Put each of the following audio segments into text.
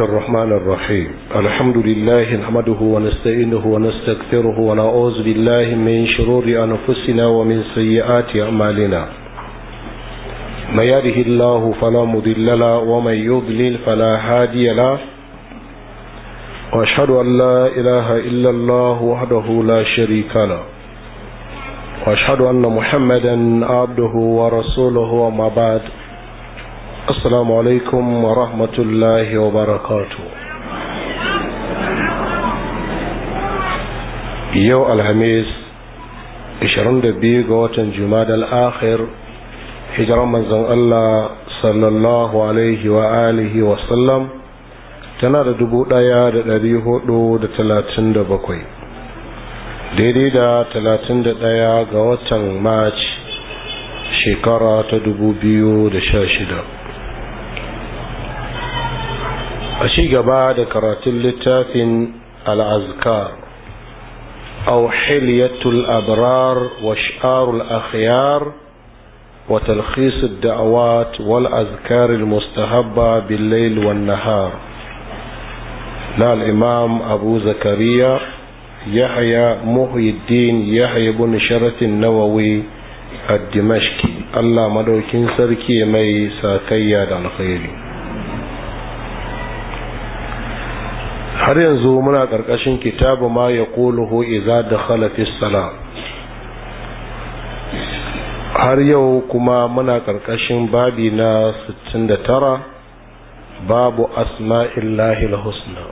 الرحمن الرحيم الحمد لله نحمده ونستعينه ونستغفره ونعوذ بالله من شرور أنفسنا ومن سيئات أعمالنا ما يهده الله فلا مضل له ومن يضلل فلا هادي له وأشهد أن لا إله إلا الله وحده لا شريك له وأشهد أن محمدا عبده ورسوله وما بعد السلام عليكم ورحمة Yau Alhamis يو الهميس 22 ga watan Jumadal Akhir hijiran manzon Allah sallallahu alaihi wa alihi wa sallam tana da dubu ɗaya da ɗari hudu da talatin da bakwai daidai da talatin da ɗaya ga watan Mac shekara ta dubu biyu da sha shida a shi gaba da karatun littafin al'azkar auhiliyatul abrar wa sha'arul akhyar wa talkhisud da'awat wal azkaril mustahabba bil wan nahar na al'imam abu zakariya yahya muhyiddin yahya ibn sharatin nawawi a dimashki allah madaukin sarki mai sakayya da alkhairi har yanzu muna ƙarƙashin kitabu ma ya ƙoluhu iza da khalafis sala har yau kuma muna ƙarƙashin babi na 69 babu asma'illahi husna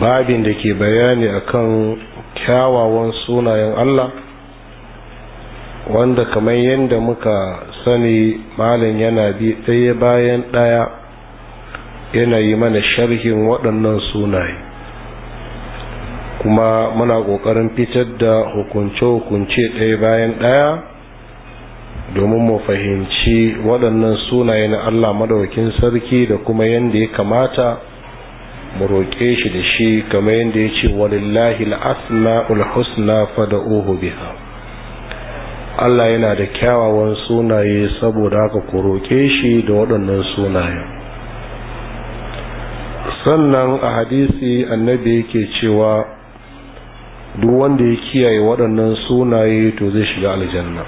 babin da ke bayani akan kyawawan sunayen Allah wanda kamar yadda muka sani malin yana bi ɗaya bayan ɗaya yana yi mana sharhin waɗannan sunaye kuma muna ƙoƙarin fitar da hukunce-hukunce ɗaya bayan ɗaya domin mu fahimci waɗannan sunaye na Allah madawakin sarki da kuma yadda ya kamata mu roƙe shi da shi kamar yadda ya ce walillahi al'asma'ul husna uhu biha Allah yana da kyawawan sunaye saboda haka ku roƙe shi da waɗannan sunayen sannan a hadisi annabi yake cewa duk wanda ya kiyaye waɗannan sunaye to zai shiga aljanna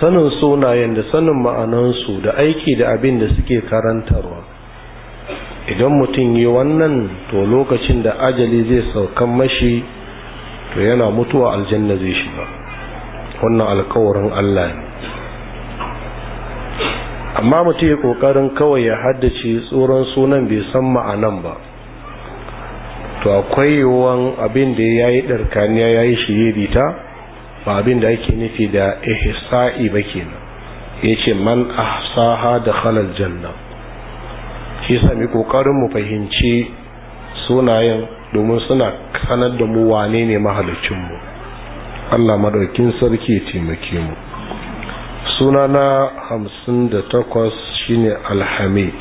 sanin sunayen da sanin ma'anansu da aiki da abin da suke karantarwa idan mutum yi wannan to lokacin da ajali zai saukan mashi to yana mutuwa aljanna zai shiga wannan alkawarin allah ne amma mutum ya kokarin kawai ya haddace tsoron sunan bai san ma'anan ba to akwai yiwuwan abin da ya yi ɗarkaniya ya yi shiriri ta ba abin da ake nufi da ihsa'i ba kenan ya ce man ahsaha da halal janna shi sami kokarin mu fahimci sunayen domin suna sanar da mu wane ne mahalicinmu allah madaukin sarki ya taimake mu sunana hamsin da takwas shine alhamid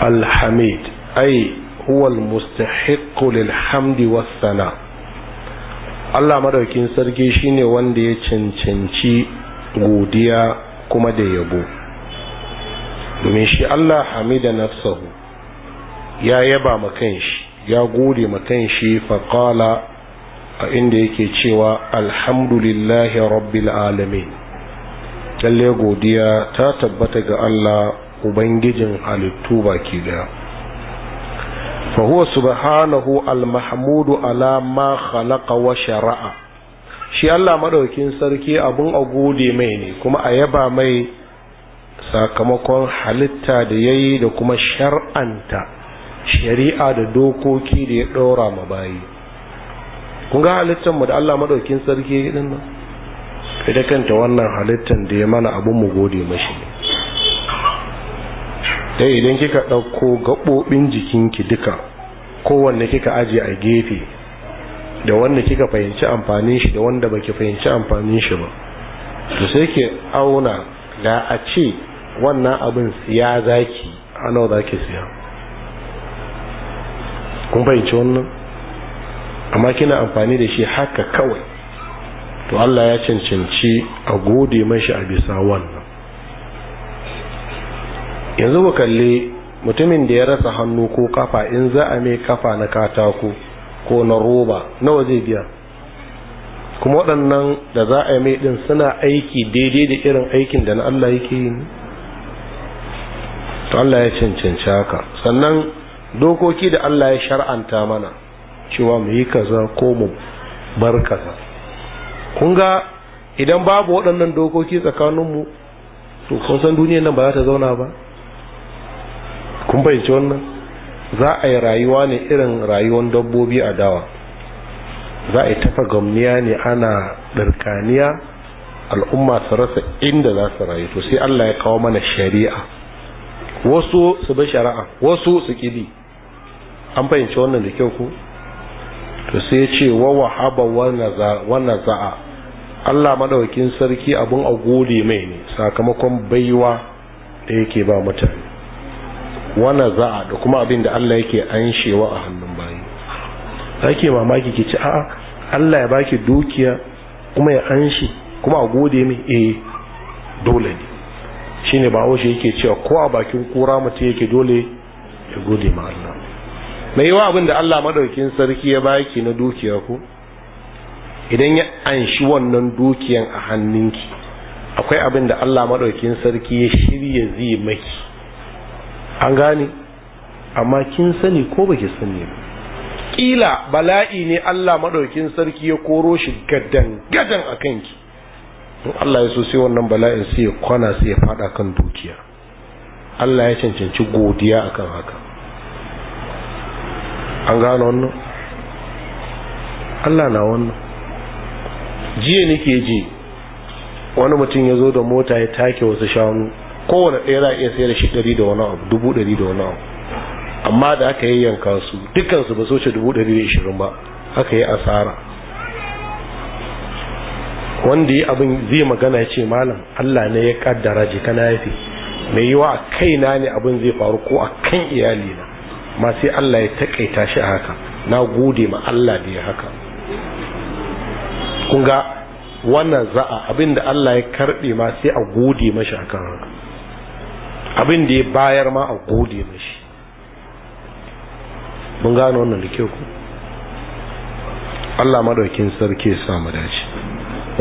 alhamid ai huwal mustahiqu lil hamdi wassana. Allah madaukin sarki shine wanda ya cancanci godiya kuma da yabo domin shi Allah hamida nafsahu ya yaba ma kanshi ya gode ma kanshi a inda yake cewa alhamdulillahi rabbil alamin lalle godiya ta tabbata ga Allah ubangijin halittu baki daya fa huwa subhanahu almahmudu ala ma khalaqa wa shara'a shi Allah madaukin sarki abun a gode mai ne kuma a yaba mai sakamakon halitta da yayi da kuma shar'anta shari'a da dokoki da ya ɗora ma bayi kun ga halittar mu da Allah madaukin sarki din nan ita kanta wannan halittar da ya mana abun mu gode mashi dai idan kika ɗauko gaɓoɓin jikinki duka kowanne kika aje a gefe da wanda kika fahimci amfanin shi da wanda baki fahimci amfanin shi ba to sai ke auna da a ce wannan abin siya zaki a nawa zaki siya kun fahimci wannan amma kina amfani da shi haka kawai to Allah ya cancanci a gode mashi a bisa wannan yanzu ku kalli mutumin da ya rasa hannu ko kafa in za a mai kafa na katako ko na roba nawa zai biya kuma waɗannan da za a mai ɗin suna aiki daidai da irin aikin da na Allah yake yi to Allah ya cancanci haka sannan dokoki da Allah ya shar'anta mana cewa mu yi kaza ko mu bar kaza kun ga idan babu waɗannan dokoki tsakaninmu to kun san duniyar nan ba za ta zauna ba kun fahimci wannan za a yi rayuwa ne irin rayuwar dabbobi a dawa za a yi tafa gamniya ne ana ɗarkaniya al'umma su rasa inda za su rayu to sai allah ya kawo mana shari'a wasu su bi shari'a wasu su kidi an fahimci wannan da kyau ko to sai ya ce wa wahaba wa naza'a Allah maɗaukin sarki abun a gode mai ne sakamakon baiwa da yake ba mutane wa naza'a da kuma abin da Allah yake anshewa a hannun bayi ake mamaki ki ci a'a Allah ya baki dukiya kuma ya anshi kuma a gode mai eh dole ne shine ba haushe yake cewa ko a bakin kura mutum yake dole ya gode ma Allah mai yiwa abin da Allah madaukin sarki ya baki na dukiya ku idan ya anshi wannan dukiyan a hannunki akwai abin da Allah madaukin sarki ya shirya zai maki an gane amma kin sani ko baki sani ba kila bala'i ne Allah maɗaukin sarki ya koro shi gadan gadan a kanki in Allah ya so sai wannan bala'in sai ya kwana sai ya faɗa kan dukiya Allah ya cancanci godiya akan haka an gano wannan Allah na wannan jiya nake ji wani mutum ya zo da mota ya take wasu shanu kowane ɗaya za a iya sayar da shi ɗari da wani abu dubu ɗari da wani abu amma da aka yi yanka su dukansu ba so ce dubu ɗari da ishirin ba aka yi asara wanda yi abin zai magana ya ce malam Allah ne ya kaddara jika na yafi mai yiwa a kaina ne abin zai faru ko a kan iyalina ma sai Allah ya takaita shi a haka na gode ma Allah da ya haka kun ga wannan za'a abin da Allah ya karbe ma sai a gode mashi a kan haka abin da ya bayar ma a gode mashi mun gano wannan da kyau ku Allah madaukin sarki ya samu dace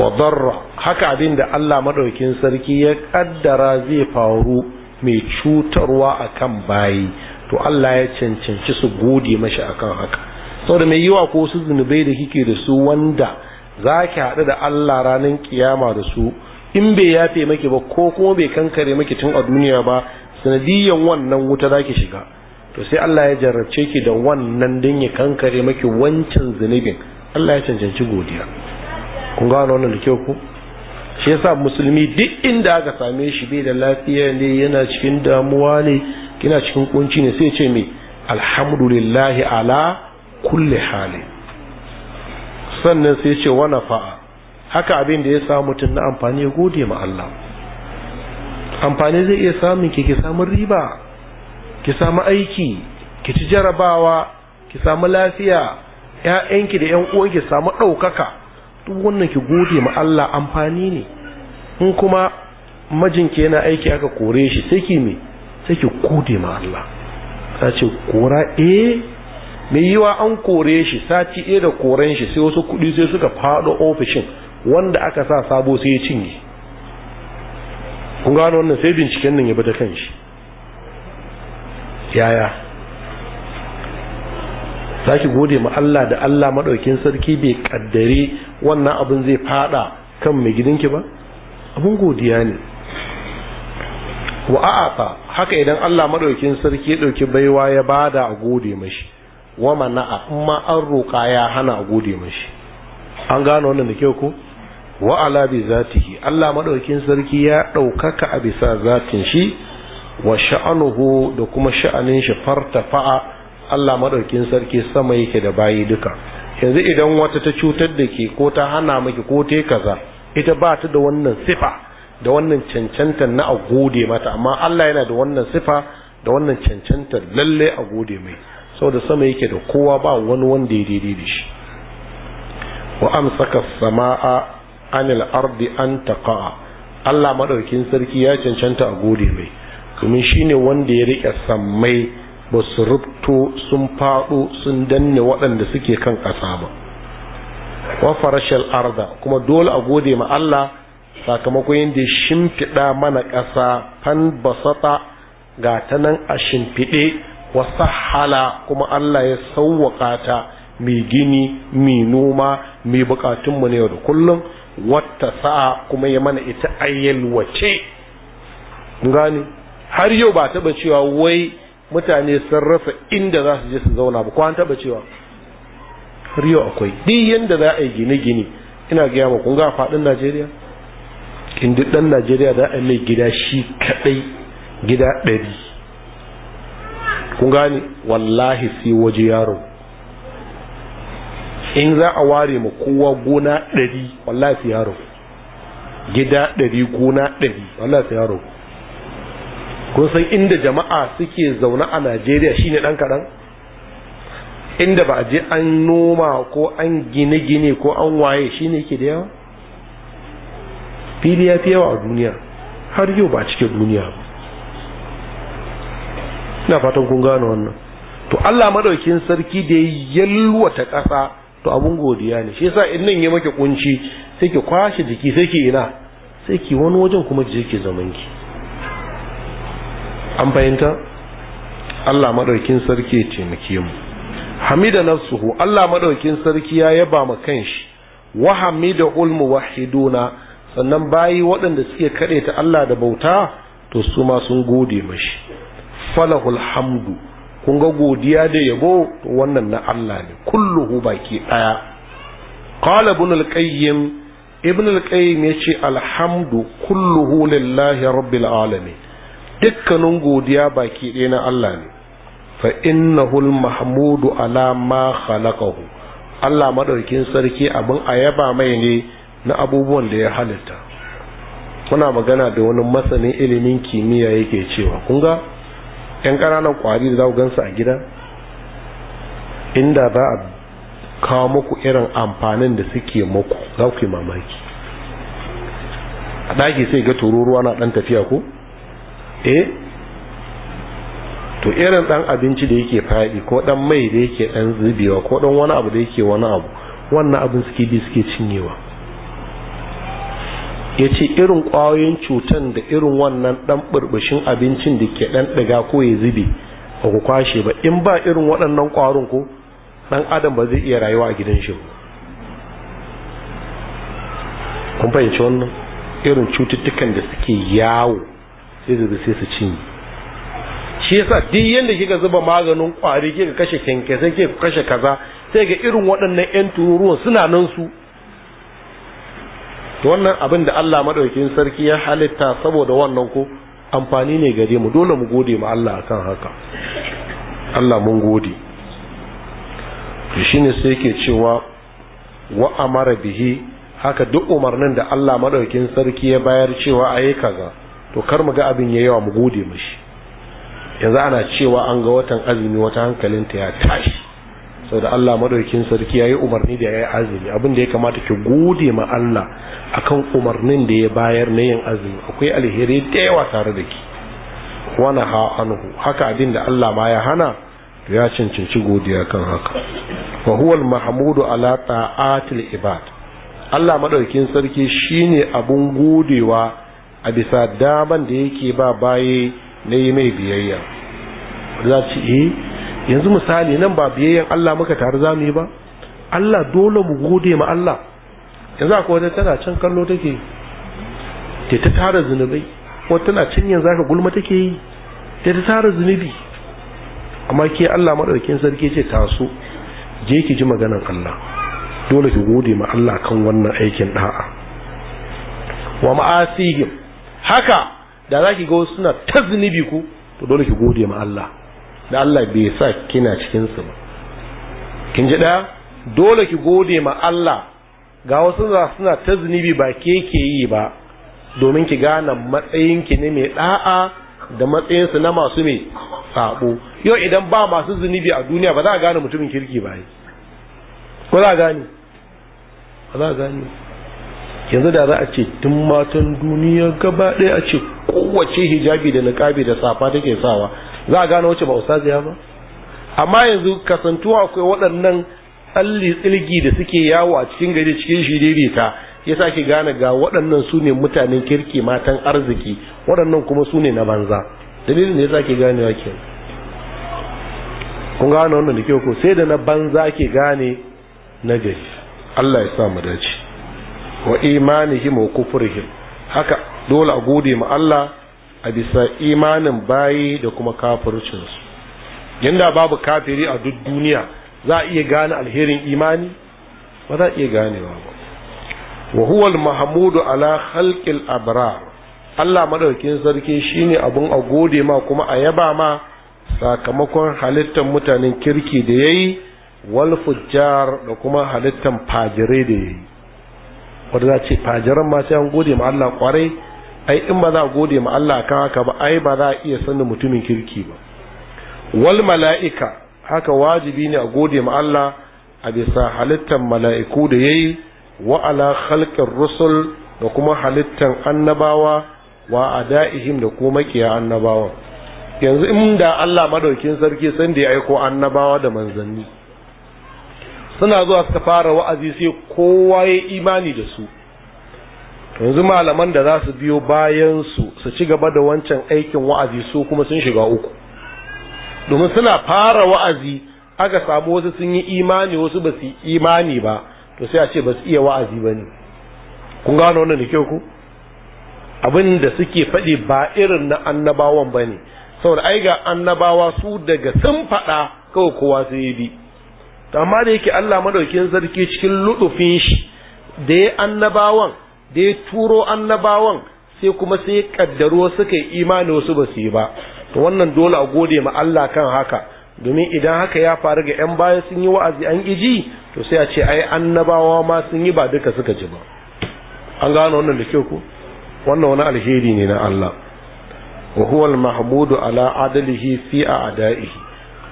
wa darra haka abin da Allah madaukin sarki ya kaddara zai faru mai cutarwa akan bayi to Allah ya cancanci su gode mashi akan haka saboda mai yiwa ko su zunubai da kike da su wanda za ki haɗu da Allah ranar kiyama da su in bai yafe maki ba ko kuma bai kankare maki tun a duniya ba sanadiyan wannan wuta za ki shiga to sai Allah ya jarrabce ki da wannan din ya kankare maki wancan zunubin Allah ya cancanci godiya kun gano wannan da kyau ku shi yasa musulmi duk inda aka same shi bai da lafiya ne yana cikin damuwa ne kina cikin kunci ne sai ce mai alhamdulillahi ala kulle hali sannan sai ce wa nafa'a haka abin da ya samu mutum na amfani ya gode ma Allah amfani zai iya samun ki ki samu riba ki samu aiki ki ci jarabawa ki samu lafiya ƴaƴanki da ƴan uwanki samu ɗaukaka duk wannan ki gode ma Allah amfani ne in kuma majinki yana aiki aka kore shi sai ki me sai ki gode ma Allah ta ce kora eh mai yiwa an kore shi sati ɗaya da koren shi sai wasu kuɗi sai suka faɗo ofishin wanda aka sa sabo sai ya cinye kun gano wannan sai binciken nan ya bada kan shi yaya za ki gode ma Allah da Allah maɗaukin sarki bai kaddare wannan abin zai fada kan mai gidanki ba abin godiya ne wa a'ata haka idan Allah madaukin sarki ya dauki baiwa ya bada a gode mashi wa mana'a amma an roƙa ya hana a gode mashi an gano wannan da kyau ko wa ala bi zatihi Allah madaukin sarki ya daukaka a bisa zatin shi wa sha'anuhu da kuma sha'anin shi fartafa'a Allah madaukin sarki sama yake da bayi duka yanzu idan wata ta cutar da ke ko ta hana miki ko ta kaza ita ba ta da wannan sifa da wannan cancantar na a gode mata amma Allah yana da wannan sifa da wannan cancantar lalle a gode mai saboda sama yake da kowa ba wani wanda ya daidai da shi wa amsaka samaa anil ardi an taqa Allah madaukin sarki ya cancanta a gode mai domin shine wanda ya rike sammai ba su rubto sun faɗo sun danne waɗanda suke kan ƙasa ba wa farashal arda kuma dole a gode ma Allah sakamakon yadda shimfiɗa mana ƙasa fan basata ga ta nan a shimfiɗe wasu hala kuma Allah ya sauwaƙa ta mai gini mai noma mai buƙatunmu na yau da kullum wata sa'a kuma ya mana ita ayyalwace gani har yau ba taɓa cewa wai mutane sun rasa inda za su je su zauna ba kwan taɓa cewa har yau akwai duk yadda za a yi gine-gine ina gaya ma kun ga faɗin najeriya in duk dan najeriya za a mai gida shi kadai gida ɗari kun gane wallahi sai waje yaro in za a ware ma kowa gona ɗari wallahi sai yaro gida ɗari gona ɗari wallahi sai yaro kun san inda jama'a suke zaune a najeriya shine ɗan kaɗan inda ba a je an noma ko an gine-gine ko an waye shine ke da yawa fili ya fi yawa a duniya har yau ba a cikin duniya ina fatan kun gane wannan to Allah maɗaukin sarki da ya yalwata ƙasa to abun godiya ne shi yasa in nan ya maki kunci sai ki kwashe jiki sai ki ina sai ki wani wajen kuma je ki zaman ki an fahimta Allah maɗaukin sarki ya taimake mu hamida nafsuhu Allah madaukin sarki ya yaba ma kanshi wa hamida ul wahiduna sannan bayi waɗanda suke kaɗe ta Allah da bauta to su ma sun gode mashi falahul hamdu kun ga godiya da yabo wannan na Allah ne kulluhu baki ɗaya qala ibn al-qayyim ibn al-qayyim yace alhamdu kulluhu lillahi rabbil alamin dukkanin godiya baki ɗaya na Allah ne fa al mahmudu ala ma khalaqahu Allah madaukin sarki abin ayaba mai ne na abubuwan da ya halitta muna magana da wani masanin ilimin kimiyya yake cewa kun ga yan ƙananan kwari da za ku gansu a gida inda za a kawo muku irin amfanin da suke muku za ku yi mamaki a ɗaki sai ga tururuwa na ɗan tafiya ko eh to irin ɗan abinci da yake faɗi ko ɗan mai da yake ɗan zubewa ko ɗan wani abu da yake wani abu wannan abin suke bi suke cinyewa ya ce irin ƙwayoyin cutan da irin wannan ɗan ɓurɓushin abincin da ke ɗan ɗiga ko ya zube ba ku kwashe ba in ba irin waɗannan ƙwarin ko ɗan adam ba zai iya rayuwa a gidan shi kun fahimci wannan irin cututtukan da suke yawo sai zube sai su cinye shi yasa duk yadda kika zuba maganin ƙwari kika kashe kyankyasai kika kashe kaza sai ga irin waɗannan 'yan tururuwan suna nan su to wannan abin da Allah madaukakin sarki ya halitta saboda wannan ko amfani ne gare mu dole mu gode ma Allah akan haka Allah mun gode to shine sai yake cewa wa amara bihi haka duk umarnin da Allah madaukakin sarki ya bayar cewa a ayi kaza to kar mu ga abin yayi wa mu gode mishi yanzu ana cewa an ga watan azumi wata hankalinta ya tashi da Allah maɗaukin sarki ya yi umarni da yayi azumi abin da ya kamata ki gode ma Allah akan umarnin da ya bayar na yin azumi akwai alheri da yawa tare da ki Wani ha anhu haka abin da Allah ma ya hana ya cancanci godiya kan haka wa mahmudu ala ta'atil ibad Allah maɗaukin sarki shine abun godewa a bisa daman da yake ba baye na yi mai biyayya za ci eh yanzu misali nan ba biyayyen Allah muka tare za mu yi ba Allah dole mu gode ma Allah yanzu akwai wata tana can kallo take ta ta tara zunubai Ko tana can yanzu aka gulma take yi ta ta tara zunubi amma ke Allah madaukakin sarki ce taso je ki ji maganar Allah dole ki gode ma Allah kan wannan aikin da'a wa ma'asihim haka da zaki ga wasu suna ta zunubi ku to dole ki gode ma Allah da Allah bai sa kina cikin su ba kin ji ɗaya dole ki gode ma Allah ga wasu za suna ta zunubi ba ke ke yi ba domin ki gane matsayin ki ne mai da'a da matsayin su na masu mai sabo yau idan ba masu zunubi a duniya ba za gane mutumin kirki ba yi ko za gane ba za a gane yanzu da za a ce tun matan duniya gaba ɗaya a ce kowace hijabi da niƙabi da safa take sawa za a gano wacce ba ustaziya ba amma yanzu kasantuwa akwai waɗannan tsalli tsilgi da suke yawo a cikin gari cikin shiriri ta ya sake gane ga waɗannan su ne mutanen kirki matan arziki waɗannan kuma su ne na banza dalilin da ya sake wa ke kun gane wannan da kyau ko sai da na banza ke gane na gari Allah ya sa mu dace wa imanihim wa kufrihim haka dole a gode ma Allah a bisa imanin bayi da kuma kafircinsu yanda babu kafiri a duk duniya za a iya gane alherin imani ba za a iya ganewa ba wa huwa mahmudu ala khalqil abrar Allah madaukin sarki shine abun a gode ma kuma a yaba ma sakamakon halittar mutanen kirki da yayi wal fujjar da kuma halittar fajirai da yayi wanda za ce fajiran ma sai an gode ma Allah kwarai ai in ba za a gode ma Allah kan haka ba ai ba za a iya sanin mutumin kirki ba wal mala'ika haka wajibi ne a gode ma Allah a bisa halittar mala'iku da yayi wa ala khalqir rusul da kuma halittar annabawa wa ada'ihim da kuma kiya annabawa yanzu in da Allah madaukin sarki san da ya aiko annabawa da manzanni suna zuwa suka fara wa'azi sai kowa ya imani da su yanzu malaman da za su biyo bayan su su ci gaba da wancan aikin wa'azi su kuma sun shiga uku domin suna fara wa'azi aka samu wasu sun yi imani wasu ba su imani ba to sai a ce ba su iya wa'azi ba ne kun gano wannan da kyau ku abin da suke faɗi ba irin na annabawan ba ne saboda ai ga annabawa su daga sun faɗa kawai kowa sai ya bi amma da yake Allah madaukin sarki cikin luɗufin shi da ya annabawan da ya turo annabawan sai kuma sai ya kaddaro suka yi imani wasu ba su yi ba to wannan dole a gode ma Allah kan haka domin idan haka ya faru ga 'yan baya sun yi wa'azi an iji to sai a ce ai annabawa ma sun yi ba duka suka ji ba an gano wannan da kyau ko wannan wani alheri ne na Allah wa huwa al-mahmudu ala adalihi fi a'da'ihi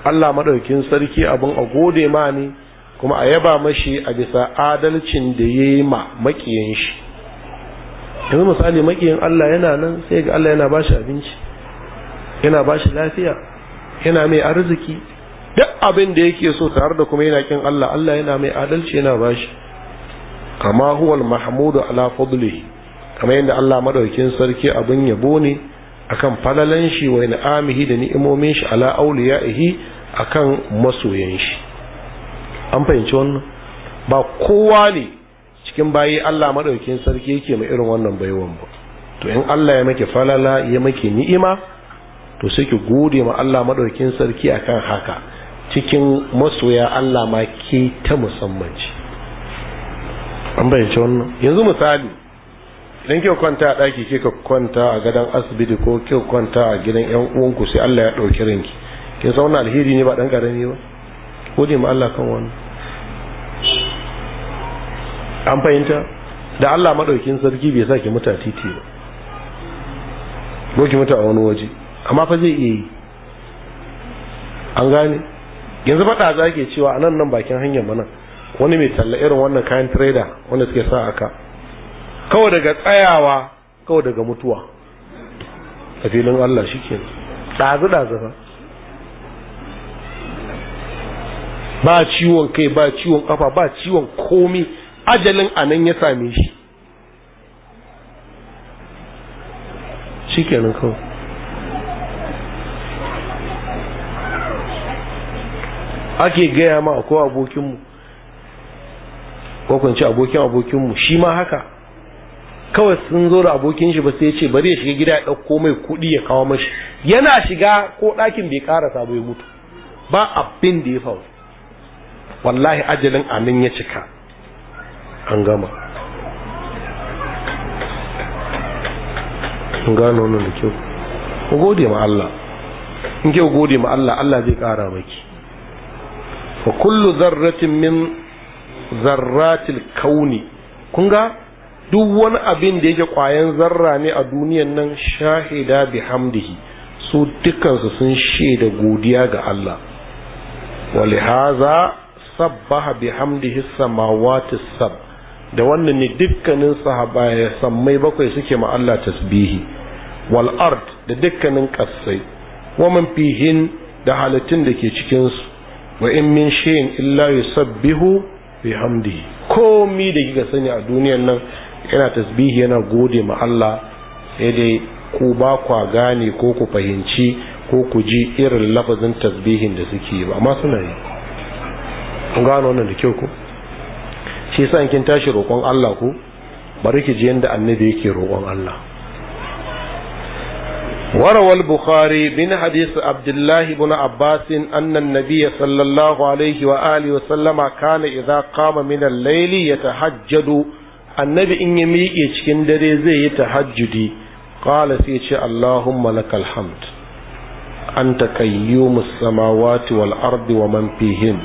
Allah madaukin sarki abin a gode ma ne kuma a yaba mashi a bisa adalcin da yayi ma makiyan shi yanzu misali makiyin Allah yana nan sai ga Allah yana bashi abinci yana bashi lafiya yana mai arziki duk abin da yake so tare da kuma yana kin Allah Allah yana mai adalci yana bashi kama huwal mahmudu ala fadlihi kamar yanda Allah madaukin sarki abin yabo ne akan falalan shi wa ni'amihi da ni'imomin shi ala auliya'ihi akan masoyan shi an fahimci wannan ba kowa ne cikin bayi Allah madaukin sarki yake mai irin wannan baiwan ba to in Allah ya maki falala ya maki ni'ima to sai ki gode ma Allah madaukin sarki akan haka cikin masoya Allah ma ke ta musamman ce an bayyance wannan yanzu misali idan kika kwanta a ɗaki kika kwanta a gadon asibiti ko kika kwanta a gidan yan uwanku sai Allah ya ɗauki ranki kin san wannan alheri ne ba dan karami ba gode ma Allah kan wannan an fahimta da Allah maɗaukin sarki bai saki muta titi ba ko ki muta a wani waje amma fa zai iya yi an gane yanzu faɗa za ke cewa a nan nan bakin hanyar mana wani mai talla irin wannan kayan trader wanda suke sa aka kawai daga tsayawa kawai daga mutuwa a filin Allah shi ke ɗazu ɗazu ba ba ciwon kai ba ciwon kafa ba ciwon komi ajalin a nan ya same shi shi kawai ake gaya ma ko abokinmu kwakwanci abokin abokinmu shi ma haka kawai sun zo da abokin shi ba sai ya ce bari ya shiga gida ya ɗauko mai kuɗi ya kawo mashi yana shiga ko ɗakin bai ƙarasa ba ya mutu ba abin da ya faru wallahi ajalin amin ya cika an gama an gano wani da kyau ku gode ma Allah in kyau gode ma Allah Allah zai kara maki fa kullu zarratin min zarratil kauni kun ga duk wani abin da yake kwayan zarra ne a duniyan nan shahida bi hamdihi su dukansu sun shaida godiya ga Allah lihaza sabbaha bi hamdihi samawati sab da wannan ne dukkanin sahaba ya sammai bakwai suke ma Allah tasbihi wal ard da dukkanin kasai wa man fihin da halittun da ke cikin su wa in min shay'in illa yusabbihu bihamdihi komi da kika sani a duniyar nan yana tasbihi yana gode ma Allah sai dai ku ba kwa gane ko ku fahimci ko ku ji irin lafazin tasbihin da suke ba amma suna yi an gano wannan da kyau ko shi yasa kin tashi roƙon Allah ko bari ki ji yanda annabi yake roƙon Allah وروى البخاري من حديث عبد الله بن عباس أن النبي صلى الله عليه وآله وسلم كان إذا قام من الليل يتحجد النبي إن يميك يتشكن زي يتحجدي قال سيتي اللهم لك الحمد أنت كيوم السماوات والأرض ومن فيهن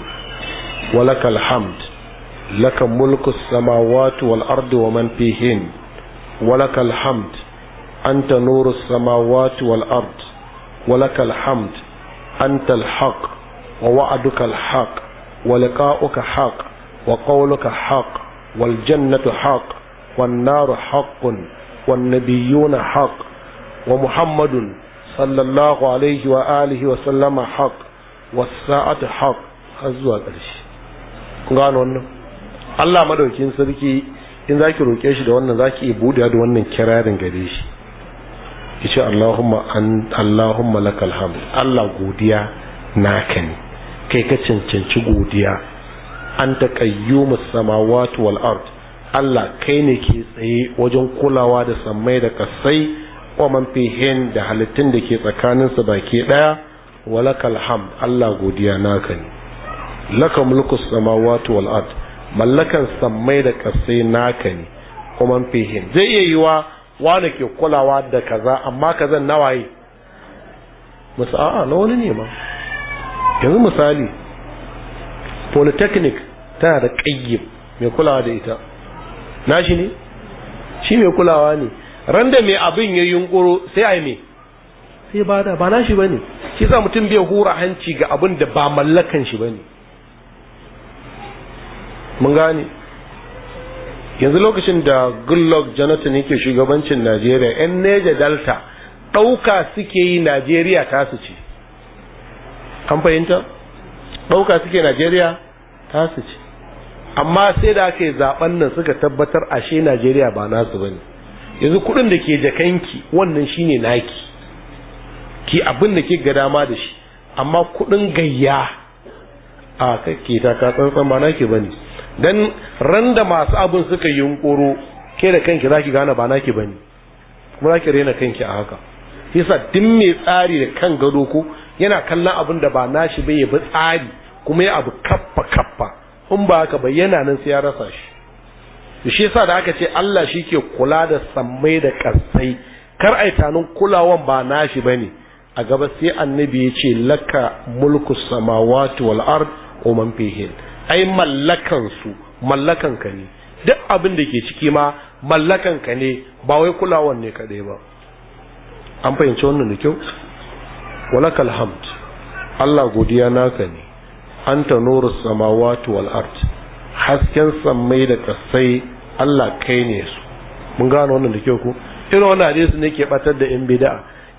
ولك الحمد لك ملك السماوات والأرض ومن فيهن ولك الحمد أنت نور السماوات والأرض ولك الحمد أنت الحق ووعدك الحق ولقاؤك حق وقولك حق والجنة حق والنار حق والنبيون حق ومحمد صلى الله عليه وآله وسلم حق والساعة حق أزوال قالوا Allah madaukin sarki in zaki roke shi da wannan zaki iya da wannan kirarin gare shi yace Allahumma an Allahumma lakal hamd Allah godiya naka ne kai ka cancanci godiya an ta qayyumus samawati wal ard Allah kai ne ke tsaye wajen kulawa da sammai da kasai wa man fihin da halittun da ke tsakanin su baki daya walakal hamd Allah godiya naka ne laka mulku samawati wal ard mallakan sammai da kasai naka ne kuma fihin zai iya yiwa wani ke kulawa da kaza amma kazan nawaye musa a na wani ne ma yanzu misali polytechnic tana da ƙayyib mai kulawa da ita na shi ne shi mai kulawa ne randa mai abin ya yunkuro sai a yi mai sai ba da ba na shi ba ne shi sa mutum bai hura hanci ga abin da ba mallakan shi ba ne mun gane yanzu lokacin da goodluck jonathan yake shugabancin najeriya yan neja delta ɗauka suke yi najeriya tasu ce an fahimta ɗauka suke najeriya tasu ce amma sai da aka yi zaben nan suka tabbatar ashe najeriya ba nasu ba ne yanzu kuɗin da ke jakanki wannan shine naki ki abin da ke ga dama da shi amma kuɗin gayya a kake ta ka tsantsan ba naki ba ne dan randa masu abin suka yi yunkuro ke da kanki zaki gane ba naki bane kuma zaki rena kanki a haka yasa duk mai tsari da kan gado ko yana kallon abin da ba nashi bai bi tsari kuma ya abu kaffa-kaffa in ba haka ba yana nan sai ya rasa shi shi yasa da aka ce Allah shi ke kula da sammai da kasai kar ai tanin kulawan ba nashi bane a gaba sai annabi ya ce laka mulku samawati wal ard wa man fihin ai mallakan su mallakan ne duk abin da ke ciki ma mallakanka ne ba wai kulawan ne kadai ba an fahimci wannan da kyau walakal hamd Allah godiya naka ne ta nuru samawati wal ard hasken sammai da kasai Allah kai ne su mun gano wannan da kyau ko irin wannan hadisi ne ke batar da in bid'a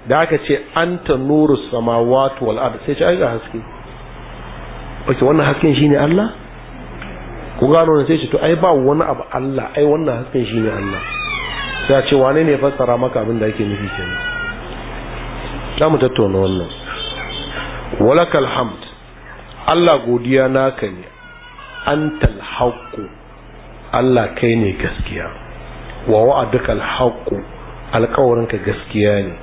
da aka ce ta nuru samawati wal ard sai ce ai ga haske ok wannan hasken ne Allah ku gano ne sai ce to ai ba wani abu Allah ai wannan hasken ne Allah sai ce wane ne fassara maka abin da ake nufi kenan za mu tattauna wannan walakal hamd Allah godiya naka ne antal haqqu Allah kai ne gaskiya wa wa'adukal haqqu ka gaskiya ne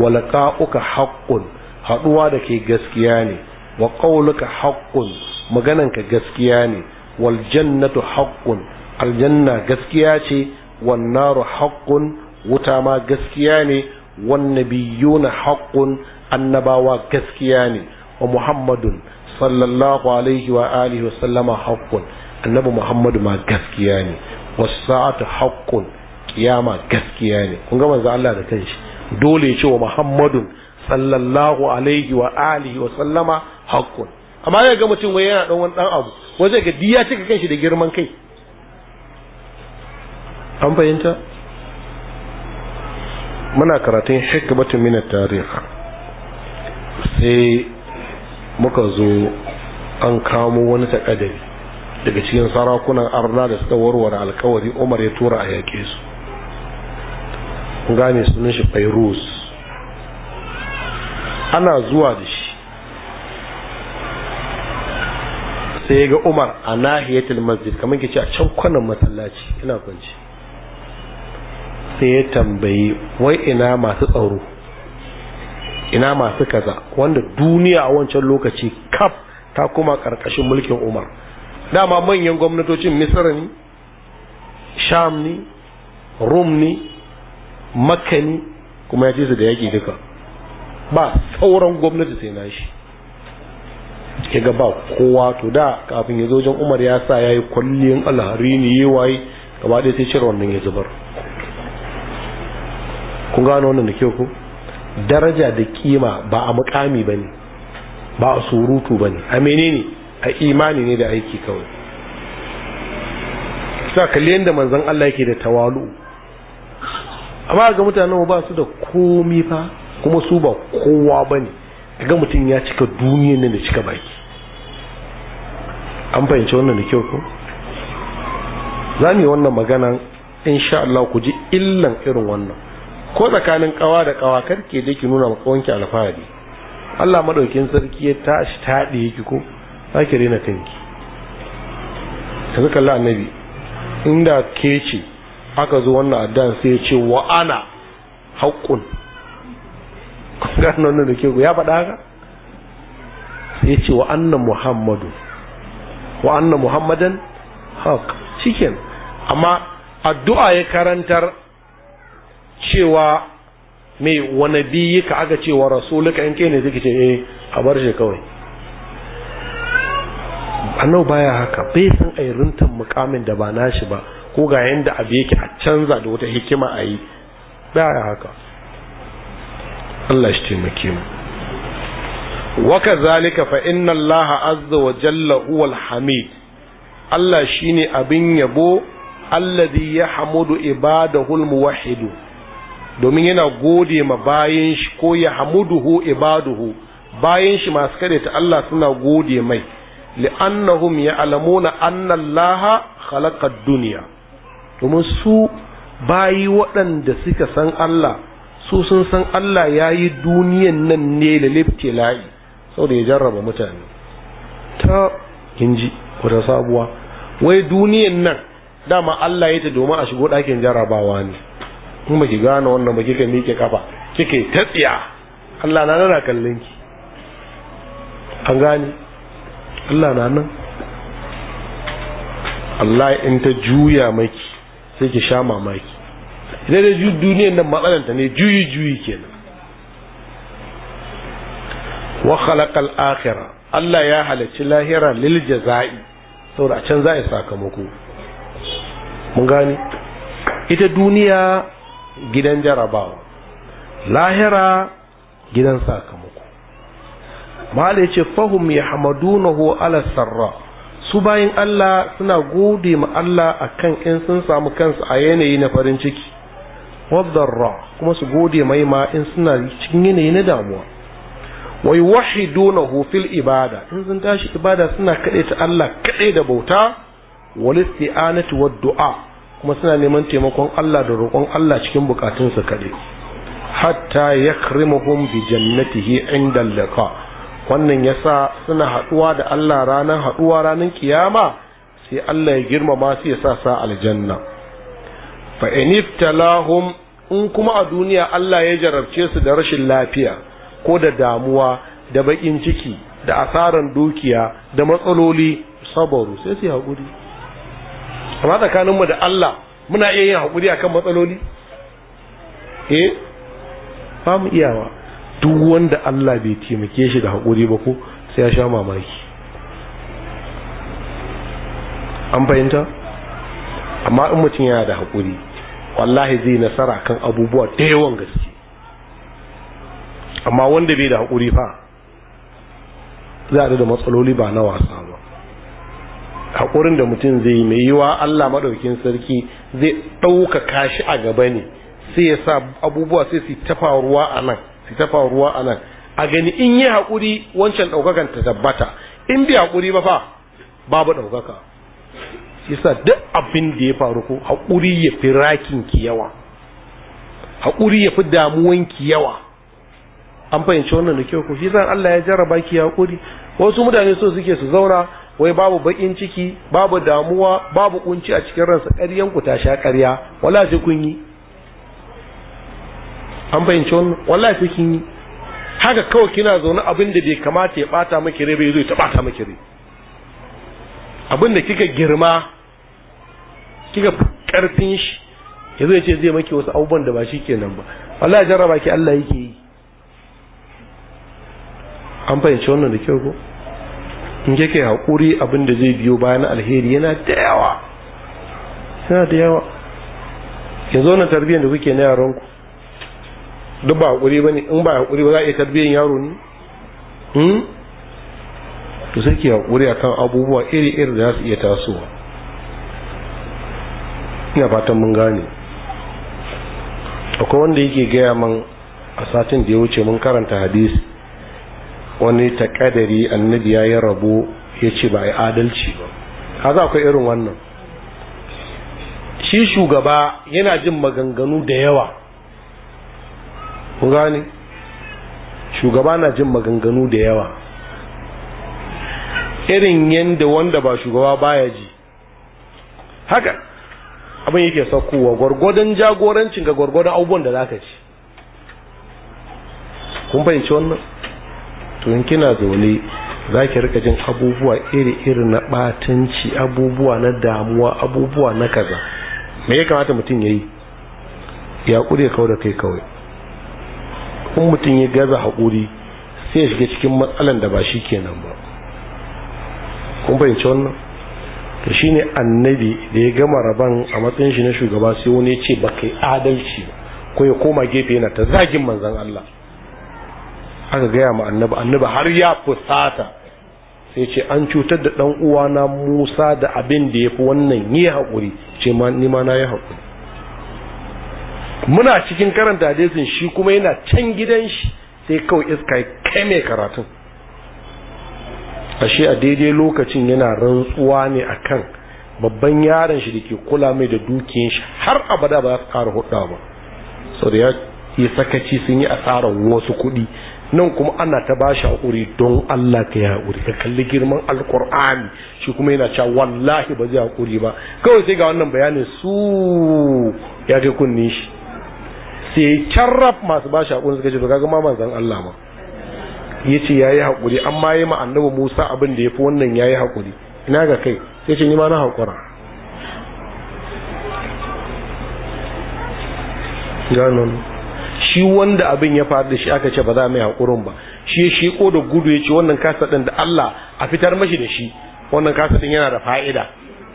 wa liqa'uka haqqun haduwa da ke gaskiya ne wa qawluka haqqun magananka gaskiya ne wal jannatu haqqun aljanna gaskiya ce wan naru haqqun wuta ma gaskiya ne wan nabiyuna haqqun annabawa gaskiya ne wa muhammadun sallallahu alaihi wa alihi wa sallama haqqun annabi muhammadu ma gaskiya ne wasa'atu haqqun kiyama gaskiya ne kun ga manzo Allah da kanshi dole ya ce wa muhammadun sallallahu alaihi wa alihi wa sallama hakkun amma zai ga mutum wai yana dan wani dan abu wai zai ga diya cika kanshi da girman kai an fahimta muna karatun hikmatu min at-tarikh sai muka zo an kamo wani takadari daga cikin sarakunan arna da suka warware alkawari umar ya tura a yaƙe su gane sunan shi fairuz ana zuwa da shi sai ga Umar a nahiyatul masjid kamar ke ce a can kwanan masallaci ina kwanci sai ya tambayi wai ina masu tsaro ina masu kaza wanda duniya a wancan lokaci kaf ta kuma karkashin mulkin Umar dama manyan gwamnatocin misir ne Sham ne Rum ne Makka kuma ya ce su da yaki duka ba sauran gwamnati sai na shi kaga ba kowa to da kafin ya zo wajen umar ya sa ya yi kwalliyan alhari ne yi waye gaba ɗaya sai cire wannan ya zubar kun gano wannan da kyau ku daraja da kima ba a mukami ba ne ba a surutu ba ne a menene a imani ne da aiki kawai sa kalli yadda manzon Allah yake da tawalu amma ga mutanen ba su da komi fa kuma su ba kowa ba ne. Ka ga mutum ya cika duniya ne da cika baki an fahimci wannan da kyau ko za mu yi wannan magana insha Allah ku ji illan irin wannan ko tsakanin kawa da kawa karke da ki nuna wa alfahari Allah madaukin sarki ya tashi taɗe yake ko za ki rena tanki ka zaka Allah annabi inda ke ce aka zo wannan addan sai ya ce wa ana haƙƙun gano wannan da ke ya faɗa haka sai ce wa annan muhammadu wa annan muhammadan haka cikin amma addu'a ya karantar cewa mai wani biyu ka aka cewa rasulika in kai ne suke ce eh a bar shi kawai annau baya haka bai san a rintan mukamin da ba nashi ba ko ga yanda abu yake a canza da wata hikima a yi baya haka Allah shi taimake mu wa kazalika fa inna Allah azza wa jalla huwal hamid Allah shine abin yabo alladhi yahmudu ibadahu almuwahhidu domin yana gode ma bayin shi ko ya hamuduhu ibaduhu bayin shi masu ta Allah suna gode mai li'annahum ya'lamuna anna Allah khalaqa ad-dunya domin su bayi waɗanda suka san Allah su sun san Allah ya yi duniyan nan ne da lifte layi saboda ya jarraba mutane ta hinji wata sabuwa wai duniyan nan dama Allah ya ta domin a shigo ɗakin jarrabawa ne ba baki gane wannan ba kika miƙe kafa kike ta tsiya Allah na nana kallon ki an gane Allah na nan Allah in ta juya maki sai ki sha mamaki daidai ju duniyan nan matsalanta ne juyi juyi kenan wa khalaqal akhirah Allah ya halacci lahira lil jaza'i saboda a can za a sakamako mun gani ita duniya gidan jarabawa lahira gidan sakamako mala yace fahum yahmadunahu ala sarra su bayin Allah suna gode ma Allah akan in sun samu kansu a yanayi na farin ciki wadarra kuma su gode mai ma in suna cikin yanayi na damuwa Wai washi dona hufil ibada in sun tashi ibada suna kaɗai ta Allah kaɗai da bauta wal isti'anati wa du'a kuma suna neman taimakon Allah da roƙon Allah cikin bukatunsa kaɗai. hatta yakrimuhum bi jannatihi inda laka wannan ya sa suna haɗuwa da Allah ranar haɗuwa ranar kiyama sai Allah ya girmama su ya sa sa aljanna fa in ibtalahum in kuma a duniya Allah ya jarabce su da rashin lafiya ko da damuwa da bakin ciki da asaran dukiya da matsaloli saboru sai su haƙuri amma tsakaninmu da Allah muna iya yin haƙuri akan matsaloli eh ba mu iyawa duk wanda Allah bai taimake shi da haƙuri ba ko sai ya sha mamaki an fahimta amma in mutum yana da haƙuri wallahi zai nasara kan abubuwa da yawan gaske amma wanda bai da haƙuri fa za a da matsaloli ba na wasa ba haƙurin da mutum zai yi mai yiwa allah maɗaukin sarki zai ɗaukaka shi a gaba ne sai ya sa abubuwa sai su tafa ruwa a nan su tafa ruwa a nan a gani in yi haƙuri wancan ɗaukakan ta tabbata in bi haƙuri ba fa babu ɗaukaka yasa duk abin da ya faru ko haƙuri ya fi rakin ki yawa haƙuri ya fi damuwan ki yawa an fahimci wannan da kyau ko shi yasa Allah ya jarraba ki haƙuri wasu mutane so suke su zauna wai babu bakin ciki babu damuwa babu kunci a cikin ransa ƙaryan ku ta sha ƙarya wallahi sai kun yi an fahimci wannan wallahi sai kin yi haka kawai kina zaune abin da bai kamata ya bata miki rai bai zo ya bata miki rai abin da kika girma kika karfin shi ya zai ce zai maki wasu abubuwan da ba shi nan ba wallahi jarraba ki Allah yake yi an fahimci wannan da kyau ko in kike hakuri abin da zai biyo bayan alheri yana da yawa yana da yawa yanzu wannan tarbiyyar da kuke na yaron ku duk ba hakuri bane in ba hakuri ba za a iya tarbiyyar yaro ne hmm to sai ki hakuri akan abubuwa iri-iri da za su iya tasowa ina fatan mun gane akwai wanda yake gaya man a satin da ya wuce mun karanta hadis wani takadari annabi ya yi rabo ya ce ba a adalci ba kaza akwai irin wannan shi shugaba yana jin maganganu da yawa ku gane shugaba na jin maganganu da yawa irin yadda wanda ba shugaba baya ji haka abin yake saukowa gwargwadon jagorancin ga gwargwadon abubuwan da zaka ci kun fahimci wannan to kina zaune za ki rika jin abubuwa iri-iri na batanci abubuwa na damuwa abubuwa na kaza me ya kamata mutum ya yi ya kure kawo da kai kawai kun mutum ya gaza haƙuri sai ya shiga cikin matsalan da ba shi kenan ba kun fahimci wannan to shine annabi da ya gama raban a matsayin shi na shugaba sai wani ya ce ba kai adalci ko ya koma gefe yana ta zagin manzon Allah aka gaya ma annabi annabi har ya fusata sai ce an cutar da dan uwana Musa da abin da yafi wannan yi hakuri ce ma ni ma na yi hakuri muna cikin karanta hadisin shi kuma yana can gidan shi sai kawai iska kai mai karatun ashe a daidai lokacin yana rantsuwa ne a kan babban yaron shi da ke kula mai da dukiyan shi har abada ba za su kara ba da ya yi sakaci sun yi asarar wasu kuɗi nan kuma ana ta ba shi haƙuri don Allah ka yi haƙuri ka kalli girman alƙur'ani shi kuma yana cewa wallahi ba zai haƙuri ba kawai sai ga wannan bayanin su ya kai kunni shi sai kyarraf masu ba shi haƙuri suka ce to kaga ma manzon Allah ma ya ce ya yi haƙuri an ma yi ma annabi musa abin da ya fi wannan ya yi haƙuri ina ga kai sai ce nima ma na haƙura ganon shi wanda abin ya faru da shi aka ce ba za mai haƙurin ba shi shi ko da gudu ya ce wannan kasa ɗin da Allah a fitar mashi da shi wannan kasa ɗin yana da fa'ida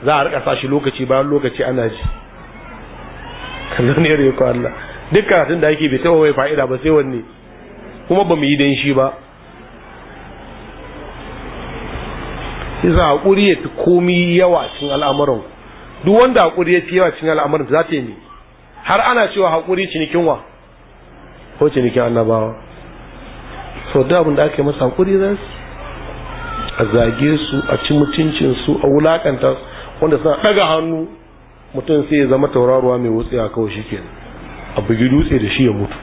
za a rika sa shi lokaci bayan lokaci ana ji kallon ne ko Allah duk karatun da ake bai taɓa mai fa'ida ba sai wanne kuma ba mu yi dan shi ba yasa hakuri ya fi komi yawa cikin al'amuran duk wanda hakuri ya fi yawa cikin al'amuran za ta yi har ana cewa hakuri cinikin wa ko cinikin annabawa so da abin da ake masa hakuri za su a zage su a ci mutuncin su a wulakanta wanda suna daga hannu mutum sai ya zama tauraruwa mai wutsi a kawai shikenan a bugi dutse da shi ya mutu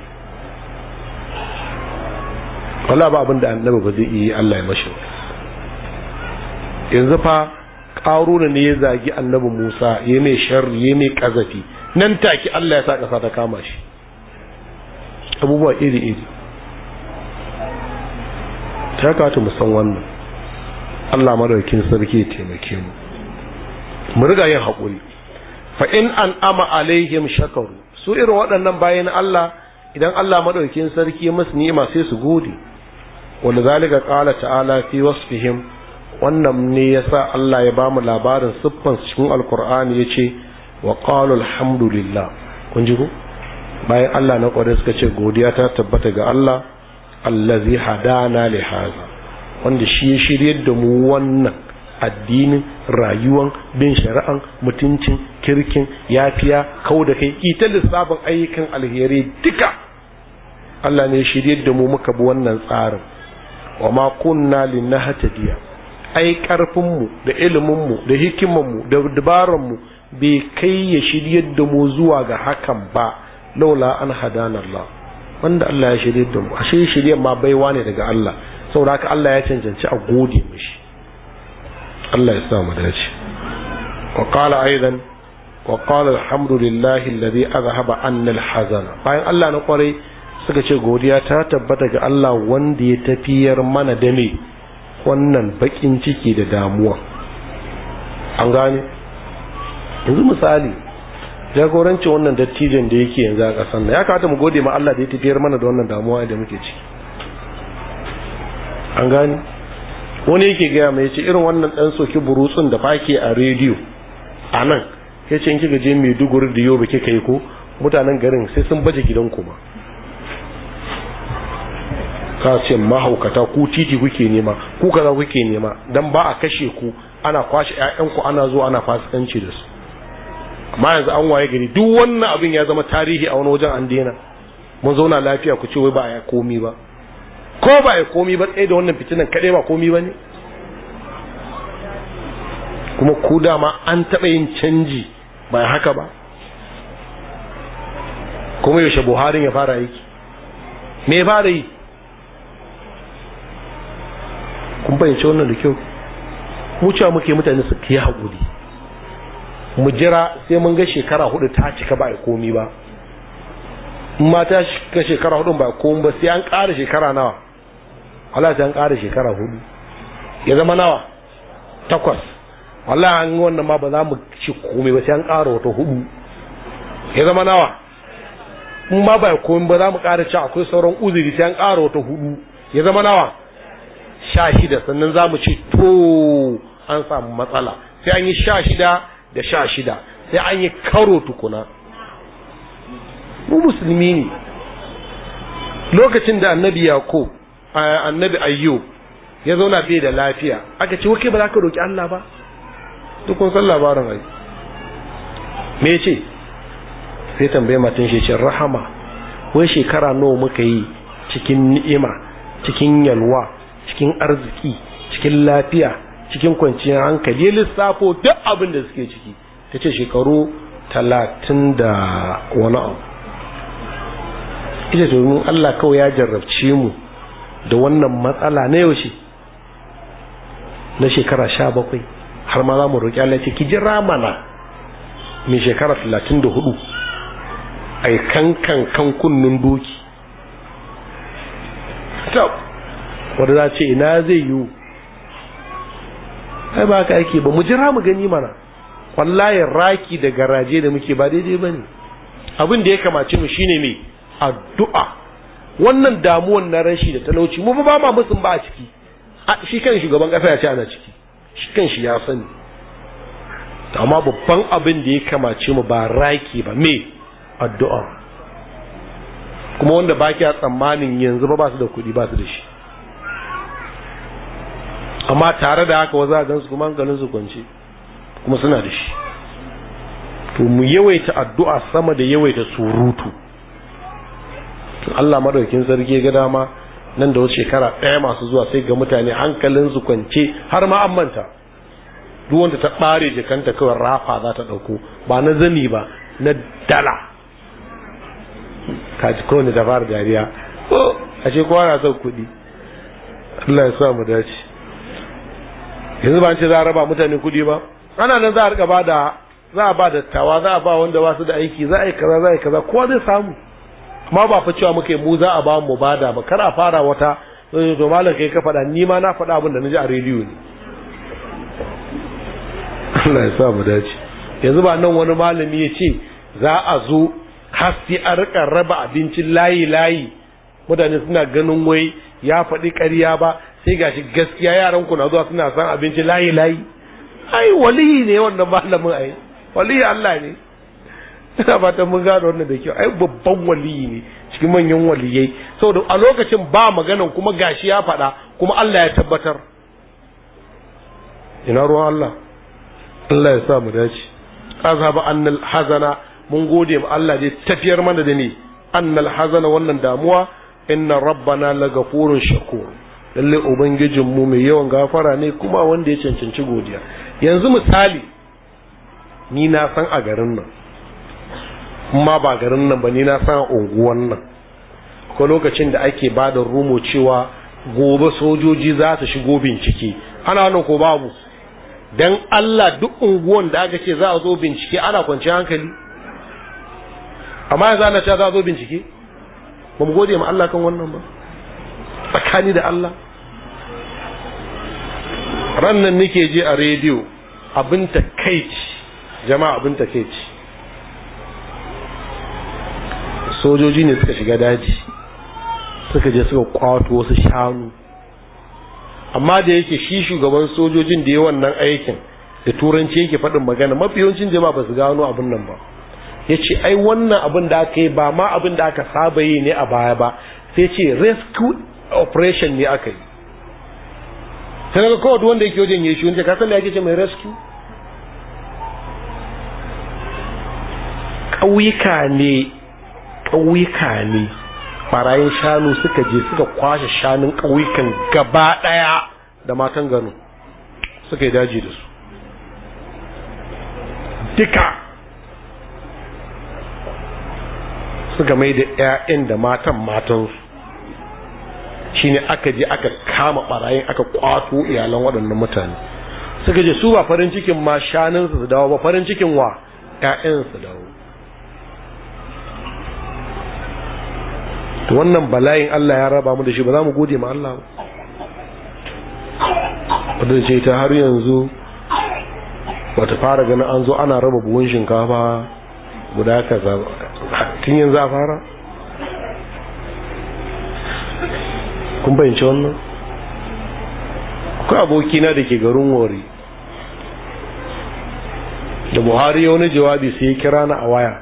wala ba abin da annabi ba zai iya Allah ya mashi ba yanzu fa karuna ne ya zagi annabi musa ya mai sharri ya mai kazafi nan take allah ya sa ƙasa ta kama shi abubuwa iri iri ta kata mu san wannan allah madaukin sarki ya taimake mu mu riga yin haƙuri fa in an ama alaihim shakaru su irin waɗannan bayan allah idan allah madaukin sarki musu ni'ima sai su gode wanda zalika ƙala ta'ala fi wasfihim wannan ne ya sa Allah ya ba mu labarin siffan cikin alkur'ani ya ce wa qalu alhamdulillah kun ji ko bayan Allah na kware suka ce godiya ta tabbata ga Allah zai hada na haza wanda shi ya shiryar da mu wannan addinin rayuwan bin shari'an mutuncin kirkin yafiya kau da kai ita lissafin ayyukan alheri duka Allah ne ya shiryar da mu muka bi wannan tsarin wa ma kunna linahtadiya ai karfinmu da iliminmu da hikimanmu da dabaranmu bai kai ya shiryar da mu zuwa ga hakan ba laula an hadana Allah wanda Allah ya shirye da mu ashe shiryar ma baiwa ne daga Allah saboda haka Allah ya cancanci a gode mishi Allah ya sa mu dace wa qala aidan wa qala alhamdulillahi alladhi azhaba anna alhazana bayan Allah na kwarai suka ce godiya ta tabbata ga Allah wanda ya tafiyar mana da me wannan bakin ciki da damuwa an gane yanzu misali jagoranci wannan dattijan da yake yanzu a kasan ya kata mu gode ma Allah da ya tafiyar mana da wannan damuwa da muke ciki an gane wani yake gaya mai ce irin wannan ɗan soki burutsun da fake a rediyo a nan ya ce in kika je maiduguri da yau ba kika yi ko mutanen garin sai sun baje gidan ku kuma ka ce mahaukata ku titi kuke nema ku kaza kuke nema dan ba a kashe ku ana kwashe ƴaƴan ku ana zuwa ana fasikanci da su amma yanzu an waye gari duk wannan abin ya zama tarihi a wani wajen an daina mun zauna lafiya ku ce wai ba a komi ba ko ba a komi ba tsaye da wannan fitinan kaɗai ba komi ba ne kuma ku dama an taɓa yin canji ba haka ba kuma yaushe buharin ya fara aiki? me ya fara yi kun fahimci wannan da kyau mu cewa muke mutane su kiyi haƙuri mu jira sai mun ga shekara hudu ta cika ba a komi ba in ma ta cika shekara hudu ba a komi ba sai an ƙara shekara nawa wala sai an ƙara shekara hudu ya zama nawa takwas wala an yi wannan ma ba za mu ci komi ba sai an ƙara wata hudu ya zama nawa in ma ba komi ba za mu ƙara ci akwai sauran uzuri sai an ƙara wata hudu ya zama nawa sha shida sannan za mu ce to an samu matsala sai an yi sha shida da sha shida sai an yi karo tukuna mu musulmi ne lokacin da annabi yaqub annabi ayyo ya zauna bai da lafiya aka ce wake ba za ka roƙi Allah ba duk san labarin ai me ce? sai tambaye matan shi ce rahama wai shekara nawa muka yi cikin ni'ima cikin yalwa cikin arziki cikin lafiya cikin kwanciyar hankali lissafo duk abin da suke ciki ta ce shekaru talatin da wani abu ita domin allah kawai ya jarrabce mu da wannan matsala na yaushe na shekara sha bakwai har ma za mu roƙi allah ce ki jira mana mai shekara talatin da hudu yi kankan kan doki wanda za ce ina zai yi ai ba ka aiki ba mu jira mu gani mana wallahi raki da garaje da muke ba daidai ba ne abin da ya kamace mu shine mai addu'a wannan damuwan na rashi da talauci mu ba ma musun ba a ciki shi kan shugaban kasa ya ce ana ciki shi kan shi ya sani amma babban abin da ya kamace mu ba raki ba mai addu'a kuma wanda ba kya tsammanin yanzu ba ba su da kuɗi ba su da shi amma tare da haka waza gansu kuma ganin su kwance kuma suna da shi to mu yawaita addu'a sama da yawaita surutu Allah madaukin sarki ga dama nan da wasu shekara ɗaya masu zuwa sai ga mutane hankalin su kwance har ma an manta duk wanda ta bare jikanta kawai rafa za ta ɗauko ba na zani ba na dala ka ji kowane dabar dariya oh, ashe kowa na son kuɗi Allah ya sa mu dace yanzu ba ce za a raba mutane kuɗi ba ana nan za a riga ba da za a ba dattawa za a ba wanda ba su da aiki za a yi kaza za a yi kaza kowa zai samu amma ba fa cewa muke mu za a ba mu ba da ba kar a fara wata eh, to malam kai ka faɗa ni ma na faɗa abin da na ji a rediyo ne Allah ya sa mu dace yanzu ba nan wani malami ya ce za a zo har sai a riƙa raba abincin layi layi mutane suna ganin wai ya faɗi ƙarya ba sai gashi gaskiya yaran ku na zuwa suna san abinci layi layi ai waliyi ne wannan malamin ai waliyi Allah ne ina fatan mun gano wannan da kyau ai babban waliyi ne cikin manyan waliyai saboda a lokacin ba maganan kuma gashi ya faɗa kuma Allah ya tabbatar ina ruwan Allah Allah ya sa mu dace azhaba annal hazana mun gode ma Allah da tafiyar mana da ni annal hazana wannan damuwa inna rabbana lagafurun shakur lalle ubangijin mu mai yawan gafara ne kuma wanda ya cancanci godiya yanzu misali ni na san a garin nan kuma ba garin nan ba ni na san a unguwan nan ko lokacin da ake ba da rumo cewa gobe sojoji za su shigo bincike ana nan ko babu dan Allah duk unguwan da aka ce za a zo bincike ana kwanci hankali amma yanzu ana cewa za a zo bincike ba mu gode ma Allah kan wannan ba tsakani da Allah rannan nake je a rediyo abin takaici jama'a abin takaici sojoji ne suka shiga daji suka je suka kwato wasu shanu amma da yake shi shugaban sojojin da ya wannan aikin da turanci yake faɗin magana mafi yawancin jama'a ba su gano abin nan ba ya ce ai wannan abin da aka yi ba ma abin da aka saba yi ne a baya ba sai ce rescue operation ne aka yi sai ga kowa wanda yake wajen yayi wanda ka san ake ce mai rescue ƙauyuka ne ƙauyuka ne barayin shanu suka je suka kwashe shanun ƙauyukan gaba ɗaya da matan gano suka yi daji da su duka suka mai da 'ya'yan da matan matansu shine aka je aka kama barayin aka kwato iyalan waɗannan mutane suka je su ba farin cikin ma shanin su dawo ba farin cikin wa ƴaƴan dawo to wannan bala'in Allah ya raba mu da shi ba za mu gode ma Allah ba wadda ce ta har yanzu bata fara ganin an zo ana raba buhun shinkafa guda kaza tun yanzu a fara kun fahimci wannan akwai abokina da ke garin wari da buhari ya wani jawabi sai ya kira na a waya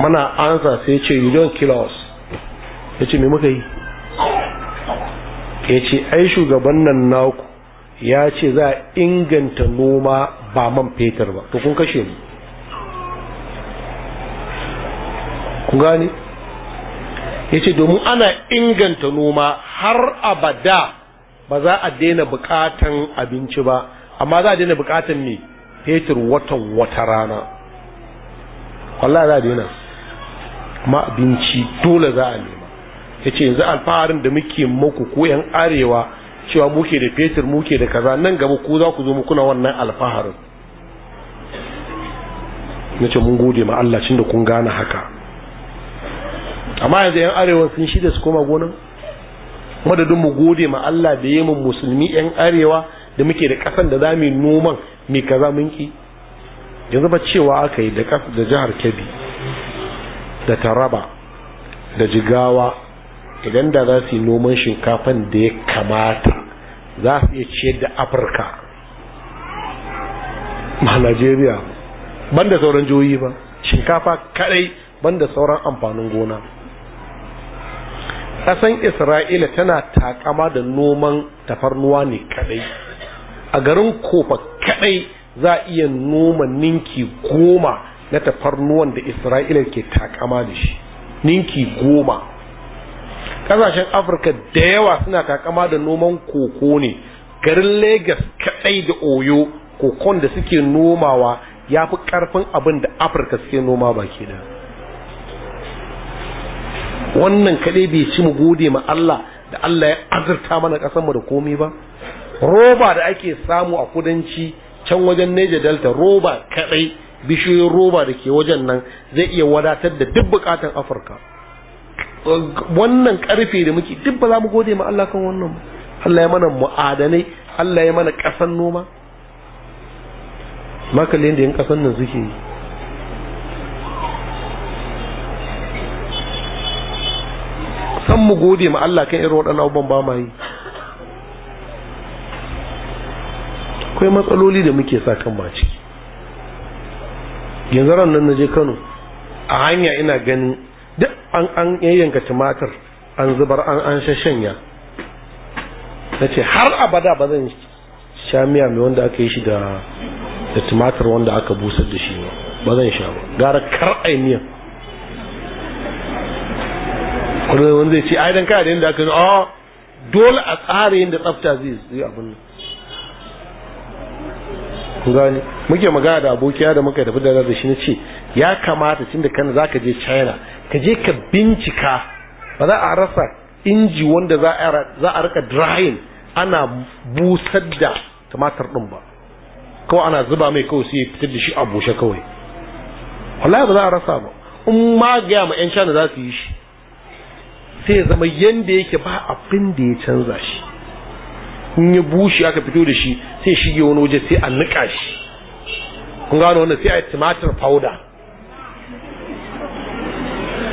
mana ansa sai ya ce you don't kill us ya ce me muka yi ya ce ai shugaban nan naku ya ce za a inganta noma ba man fetur ba to kun kashe mu kun gani. Yace ce domin ana inganta noma har abada ba za a daina bukatan abinci ba amma za a daina bukatan ne fetur watan wata rana wallah za a daina ma abinci dole za a nema ya yanzu alfaharin da muke muku ko yan arewa cewa muke da fetur muke da kaza nan gaba ku za ku zo mu kuna wannan alfaharin na mun gode ma Allah cin da kun gane haka amma yanzu yan arewa sun shida su koma gonan madadin mu gode ma Allah da yi mun musulmi yan arewa da muke da kasan da za mu noman mai kaza mun ki yanzu ba cewa aka yi da jihar Kebbi da Taraba da Jigawa idan da za su yi noman shinkafan da ya kamata za su iya ciyar da Afirka ma Najeriya banda sauran jihohi ba shinkafa kadai banda sauran amfanin gona Kasan isra'ila tana takama da noman tafarnuwa ne kadai a garin kofa kadai za a iya noma ninki goma na tafarnuwan da isra'ila ke takama da shi ninki goma ƙasashen afirka da yawa suna takama da noman koko ne garin Legas kadai da oyo kokon da suke nomawa ya fi ƙarfin abin da afirka suke noma baki da wannan kaɗai bai ci mu gode ma Allah da Allah ya azurta mana ƙasarmu da komi ba roba da ake samu a kudanci can wajen Niger Delta roba kaɗai bishiyoyin roba da ke wajen nan zai iya wadatar da duk buƙatan Afirka wannan ƙarfe da muke duk ba za mu gode ma Allah kan wannan ba Allah ya mana mu'adanai Allah ya mana ƙasan noma makalin da yin ƙasan nan suke yi san mu gode ma Allah kan irin waɗannan abubuwan ba ma yi akwai matsaloli da muke sa kan mace. yanzu ran nan na Kano a hanya ina ganin duk an an yayyanka tumatir an zubar an an shashanya nace har abada ba zan sha miya mai wanda aka yi shi da da tumatir wanda aka busar da shi ba zan sha ba gara kar ai miya. kuma wanda zai ce ai dan kada da yanda aka a ah, dole a tsara yanda tsafta zai yi abin nan gani muke magana da abokiya da muka tafi da da shi na ce ya kamata tun da kana zaka je China ka je ka bincika ba za a rasa inji wanda za a rika drying ana busar da tumatir din ba kawai ana zuba mai kawai sai fitar da shi a bushe kawai wallahi ba za a rasa ba in ma ga ma yan China za su yi shi sai zama yanda yake ba abin da ya canza shi in yi bushe aka fito da shi sai shige wani waje sai a niƙa shi kun gano wannan sai a tumatir powder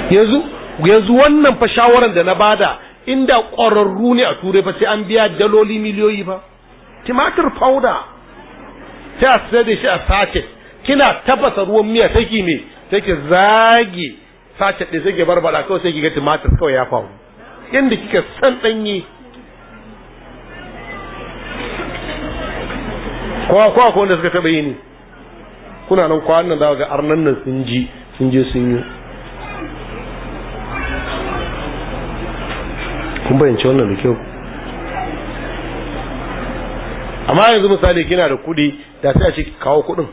yanzu yanzu wannan fa shawaran da na bada inda ƙwararru ne a turai fa sai an biya daloli miliyoyi ba tumatir fauda sai a sayar da shi a saket. kina tafasa ruwan miya take me take zage sace ɗin sai ki barbada kawai sai ki ga tumatir kawai ya faru yadda kika san ɗanyi kowa kowa ko wanda suka taɓa yi ne kuna nan kwanan nan za ga arnan nan sun ji sun je sun yi kun bayyance wannan da kyau amma yanzu misali kina da kuɗi da sai a ce kawo kuɗin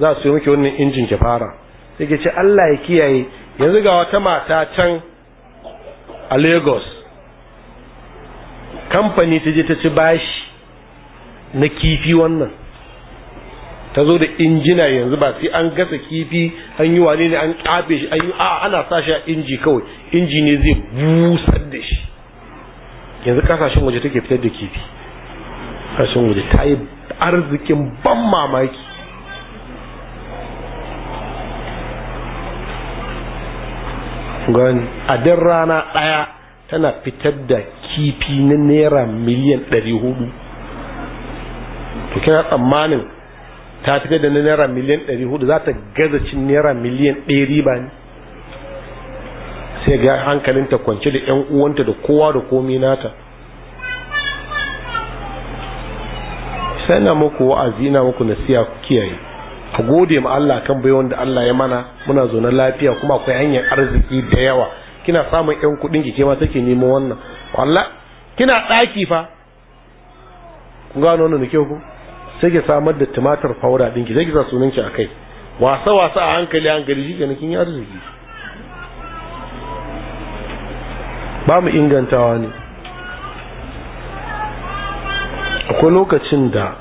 za su yi miki wannan injin ke fara sai ke ce Allah ya kiyaye yanzu ga wata mata can a lagos kamfani ta je ta ci bashi na kifi wannan ta zo da injina yanzu ba sai an gasa kifi an yi wane ne an kafe shi an yi a ana sa shi a inji kawai inji ne zai busar da shi yanzu kasashen waje take fitar da kifi kasashen waje ta yi arzikin ban mamaki gani a dan rana ɗaya tana fitar da kifi na naira miliyan ɗari hudu to kina tsammanin ta fita da naira miliyan ɗari za ta gaza cin naira miliyan 100 riba ne sai ga hankalinta kwance da 'yan uwanta da kowa da komi nata sai na muku wa'azi na muku nasiya ku kiyaye ka gode ma Allah kan bai wanda Allah ya mana muna zo na lafiya kuma akwai hanyar arziki da yawa kina samun yan kuɗin ki ma take nemo wannan wallah kina ɗaki fa kun ga wannan kyau ko sai ki samar da tumatir faura din ki sai ki sa sunan ki akai wasa wasa a hankali hankali shi kenan kin yi arziki ba mu ingantawa ne akwai lokacin da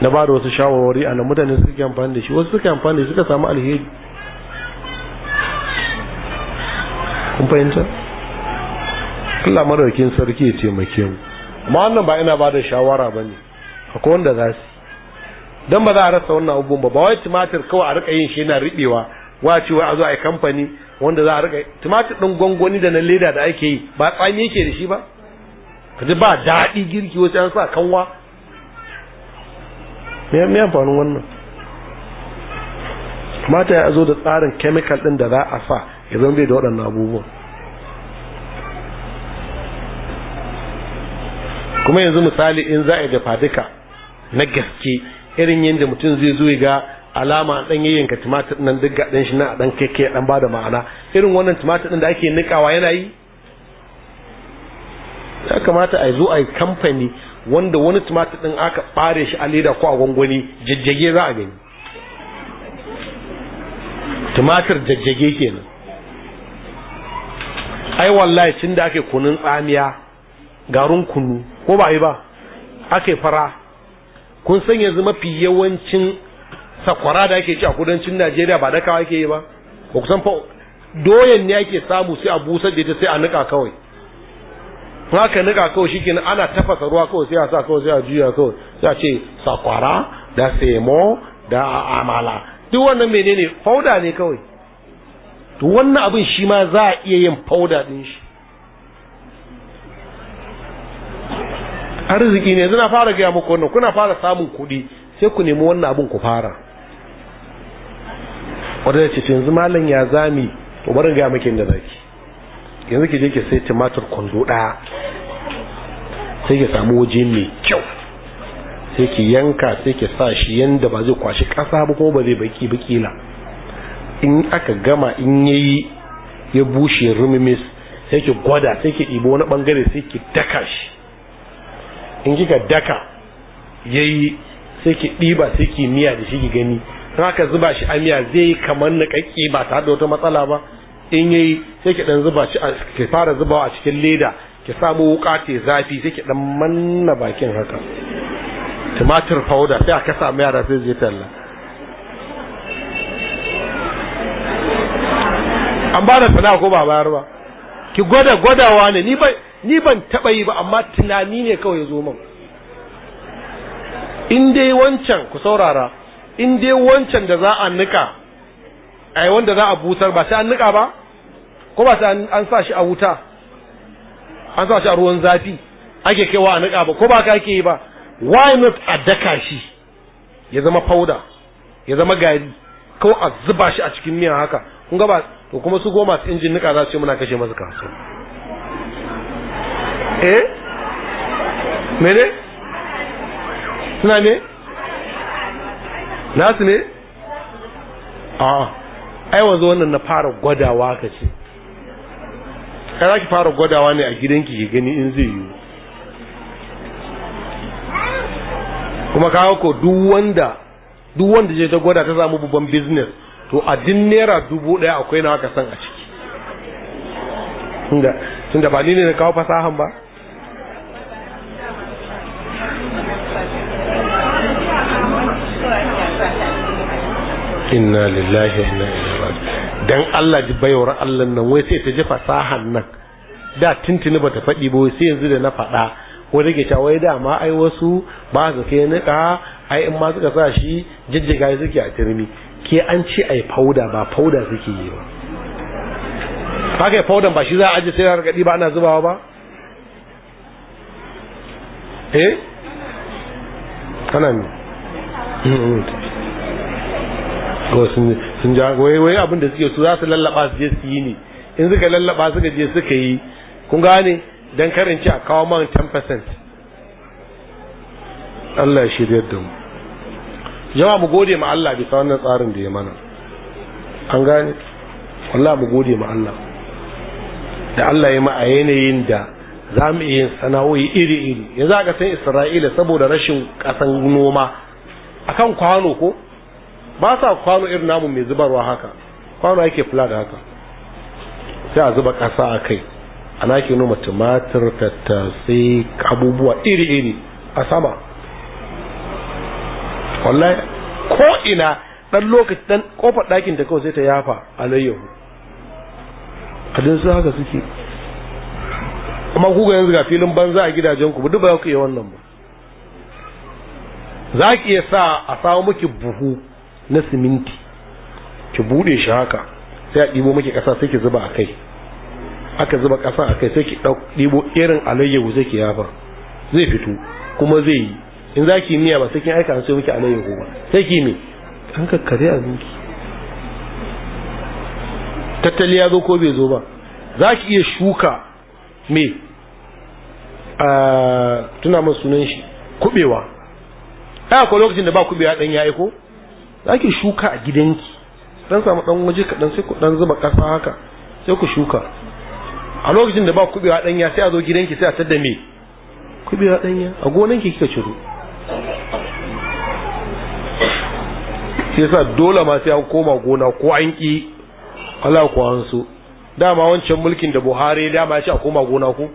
na ba da wasu shawarwari a nan mutane suke amfani da shi wasu suke amfani da suka samu alheri kun fahimta Allah maraukin sarki ya taimake mu amma wannan ba ina ba da shawara ba ne akwai wanda za su don ba za a rasa wannan abubuwan ba ba wai tumatir kawai a rika yin shi yana riɓewa wa ce wai a zo a yi kamfani wanda za a rika tumatir ɗin gwangwani da na leda da ake yi ba tsami yake da shi ba Ka ji ba daɗi girki wasu an sa kanwa me ya faru wannan kamata ya zo da tsarin chemical din da za a sa ya zama bai da waɗannan abubuwan kuma yanzu misali in za a dafa duka na gaske irin yadda mutum zai zo ga alama a ɗanyen yanka tumatir nan duk gaɗin shi na ɗan keke ɗan ba da ma'ana irin wannan tumatir ɗin da ake nikawa yana yi ya kamata a zo a yi kamfani wanda wani tumatir din aka bare shi a leda ko a gwangwani jajjage za a gani tumatir jajjage kenan ai wallahi cin da ake kunun tsamiya garin kunu ko ba yi ba ake fara kun san yanzu mafi yawancin sakwara da ake ci a kudancin najeriya ba da kawai ke yi ba ba ku san fa doyan ne ake samu sai a busar da ita sai a nika kawai in haka nika kawai shi kenan ana tafasa ruwa kawai sai a sa kawai sai a juya kawai sai a ce sakwara da semo da amala duk wannan menene fauda ne kawai to wannan abin shi ma za a iya yin fauda din shi arziki ne zina fara gaya muku wannan kuna fara samun kuɗi sai ku nemi wannan abin ku fara wadda ce yanzu malam ya zami to barin gaya makin da zaki yanzu ke je sai tumatir kwando ɗaya sai ke samu waje mai kyau sai ki yanka sai ki sa shi yanda ba zai kwashi ƙasa ba kuma ba zai baki bakila in aka gama in yayi ya bushe rumimis sai ki gwada sai ki ɗibo wani ɓangare sai ki daka shi in kika daka ya yi sai ki ɗiba sai ki miya da shi ki gani ka zuba shi a miya zai yi kamar niƙaƙƙi ba ta da wata matsala ba in yayi sai ki dan zuba shi ki fara zubawa a cikin leda ki samu wuka ce zafi sai ki dan manna bakin haka tumatir powder sai aka samu yara sai zai talla an ba da sana'a ko ba bayar ba ki gwada gwadawa ne ni ban ni ban taba yi ba amma tunani ne kawai ya zo min in dai wancan ku saurara in dai wancan da za a nika ai wanda za a busar ba sai an nika ba ko ba sai an sa shi a wuta an sa shi a ruwan zafi ake kaiwa a nika ba ko ba ka ake yi ba why not a daka shi ya zama powder ya zama gari ko a zuba shi a cikin miya haka kun ga ba to kuma su goma su injin nika za su ce muna kashe masu kasu eh mene suna ne nasu ne a'a ai wanzu wannan na fara gwadawa ka ce kai za ki fara gwadawa ne a gidanki ki gani in zai yiwu kuma kawo ko duk wanda je ta gwada ta samu babban business to a din naira dubu daya akwai na haka san a ciki Tun da ba ni ne na kawo fasahan ba inna lillahi wa inna ilaihi dan Allah ji bayawar Allah nan wai sai ta ji fasahan nan da tintini bata faɗi ba sai yanzu da na faɗa ko da ta wai da ma ai wasu ba su kai niƙa ai in ma suka sa shi jijjiga suke a turmi ke an ce ai fauda ba fauda suke yi ba kake faudan ba shi za a aje sai harkaɗi ba ana zubawa ba eh kana ni kawai sun ja wai wai abin da suke su za su lallaba su je su yi ne in suka lallaba suka je suka yi kun gane dan karin ci a kawo man 10% Allah ya shirya da mu jama mu gode ma Allah bisa wannan tsarin da ya mana an gane Allah mu gode ma Allah da Allah ya ma a yanayin da za mu iya yin sana'o'i iri-iri yanzu aka san isra'ila saboda rashin kasan noma akan kwano ko ba sa kwano irin namu mai zubarwa haka kwano yake fula da haka sai a zuba ƙasa a kai ana ke noma tumatir tattasai abubuwa iri-iri a sama wallahi ko ina dan lokaci dan kofar ɗakin ta kawai sai ta yafa a layyahu. kadin su haka suke kuma ku yanzu ga filin banza a gidajen ku duk ba ku yi wannan ba za ki iya sa a samu muke buhu na siminti ki bude shi haka sai a ɗibo miki ƙasa sai ki zuba a kai aka zuba ƙasa a kai sai ki ɗibo irin alayyahu sai ki yafa zai fito kuma zai yi in za ki miya ba sai kin aika sai sayo miki alayyahu ba sai ki me an kakkare zuki tattali ya zo ko bai zo ba za ki iya shuka me a tuna min sunan shi kubewa ai akwai lokacin da ba kubewa ɗan ya aiko zaki shuka a gidanki dan samu dan waje kaɗan sai ku dan zuba ƙasa haka sai ku shuka a lokacin da ba kubewa ɗanya sai a zo gidanki sai a tadda me kubewa ɗanya a gonanki kika ciro sai sa dole ma sai an koma gona ko an ki ala ko an so dama wancan mulkin da Buhari dama ya ce a koma gona ku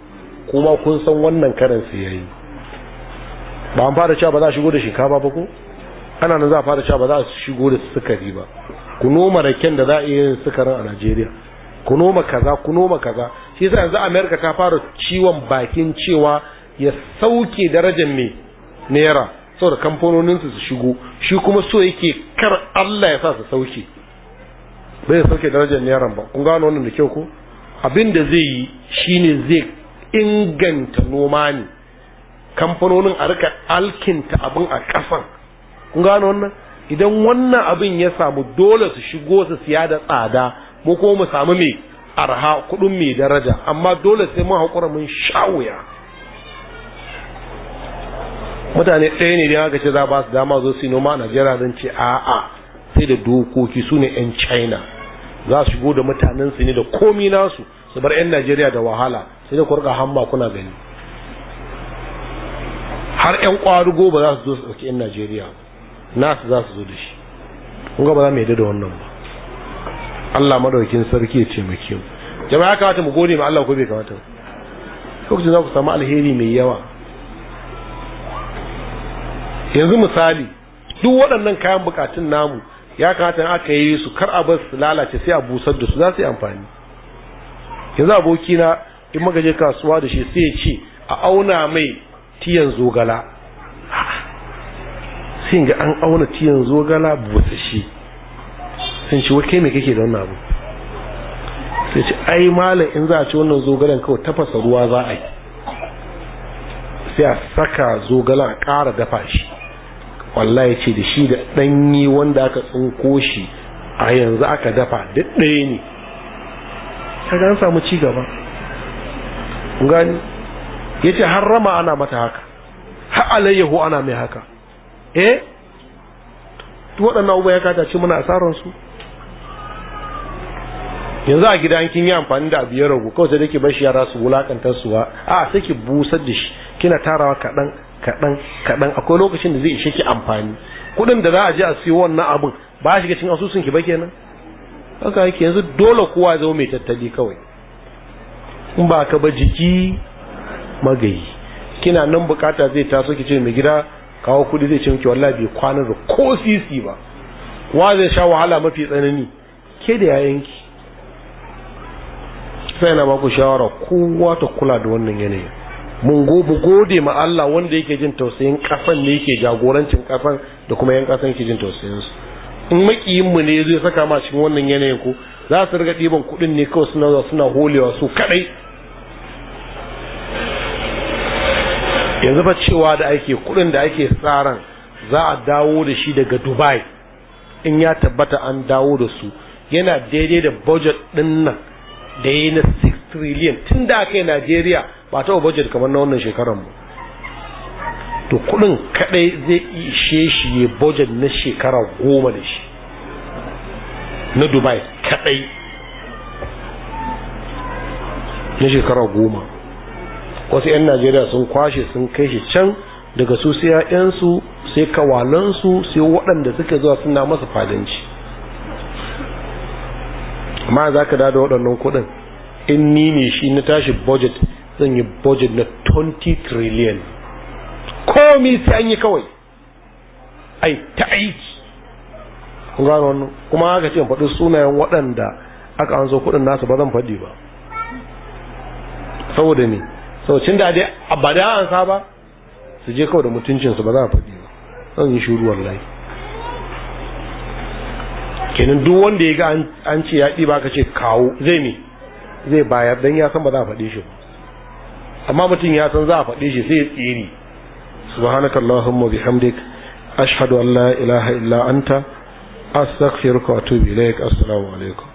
kuma kun san wannan karan sai yayi ba an fara cewa ba za a shigo da shinkafa ba ko ana nan za a fara sha ba za a shigo da sukari ba ku noma raken da za a yi yin sukarin a najeriya ku noma kaza ku noma kaza shi yasa yanzu america ta fara ciwon bakin cewa ya sauke darajar me naira saboda kamfanonin su shigo shi kuma so yake kar Allah ya sa su sauke bai ya sauke darajar naira ba kun gano wannan da kyau ko abin da zai yi shine zai inganta noma ne kamfanonin a rika alkinta abin a kasan kun gano wannan idan wannan abin ya samu dole su shigo su siya da tsada mu ko mu samu mai arha kudin mai daraja amma dole sai mu haƙura mun shawuya mutane ɗaya ne da aka ce za ba su dama zo su noma a najeriya zan ce a'a sai da dokoki su ne 'yan china za su shigo da mutanen su ne da komi nasu su bar 'yan najeriya da wahala sai da kurka hamma kuna gani har 'yan kwarugo ba za su zo su ɗauki 'yan najeriya ba nasu za su zo da shi kun ga ba za mu yadda da wannan ba Allah madaukin sarki ya ce muke mu jama'a ya kamata mu gode ma Allah ko bai kamata lokacin za ku samu alheri mai yawa yanzu misali duk waɗannan kayan bukatun namu ya kamata aka yi su kar a bar su lalace sai a busar da su za su yi amfani yanzu abokina in magaje kasuwa da shi sai ya ce a auna mai tiyan zogala sai ga an auna ciyan zogala busa shi sun ci wake mai kake da wannan abu sai ce ai malam in za a ci wannan zogalan kawai tafasa ruwa za a yi sai a saka zogala a ƙara dafa shi ya ce da shi da ɗanyi wanda aka tsinko shi a yanzu aka dafa duk ɗaya ne kaga an samu ci gaba gani har rama ana mata haka ha alayyahu ana mai haka eh to waɗannan abubuwa ya kata ce muna asaran su yanzu a gida kin yi amfani da abu ya ragu kawai sai dake bashi yara su wulakantar suwa a sai ki busar da shi kina tarawa kaɗan kaɗan kaɗan akwai lokacin da zai ishe ki amfani kuɗin da za a je a siyo wannan abin ba shi ga cin asusun ki ba kenan haka yake yanzu dole kowa zai mai tattali kawai in ba ka ba jiki magayi kina nan bukata zai taso ki ce mai gida kawo kudi zai ce miki wallahi bai kwana da ko sisi ba wa zai sha wahala mafi tsanani ke da yayanki sai na baku shawara kowa ta kula da wannan yanayi mun gobe gode ma Allah wanda yake jin tausayin kasan ne yake jagorancin kafan da kuma yan kasan yake jin tausayin su in makiyin mu ne zai saka ma cikin wannan yanayin ko za su riga ɗiban kuɗin ne kawai suna suna holewa su kadai yanzu fa cewa da ake kudin da ake tsaran za a dawo da shi daga dubai in ya tabbata an dawo da su yana daidai da budget din nan da yi na 6 trillion tun da aka yi najeriya ba ta budget kamar na wannan shekarar mu to kudin kadai zai ishe shi ya budget na shekara goma da shi na dubai kadai na shekara goma wasu 'yan najeriya sun kwashe sun kai shi can daga su sai 'ya'yansu sai kawalansu sai waɗanda suka zuwa suna masa fadanci amma za ka dada waɗannan kuɗin in ni ne shi na tashi budget zan yi budget na 20 trillion komi sai an yi kawai ai ta aiki kuma aka ce faɗi sunayen waɗanda aka an so kuɗin nasu ba zan faɗi ba saboda ne saucin da dai ba da an saba su je kawai da mutuncinsu ba za a faɗi ba zan yi shuru wallahi kenan duk wanda ya ga an ce ya ɗiba ka ce kawo zai ne zai bayar don ya san ba za a faɗi shi ba amma mutum ya san za a faɗi shi sai ya tsiri subhanaka allahumma bihamdik ashhadu an la ilaha illa anta astaghfiruka wa atubu ilaik assalamu alaikum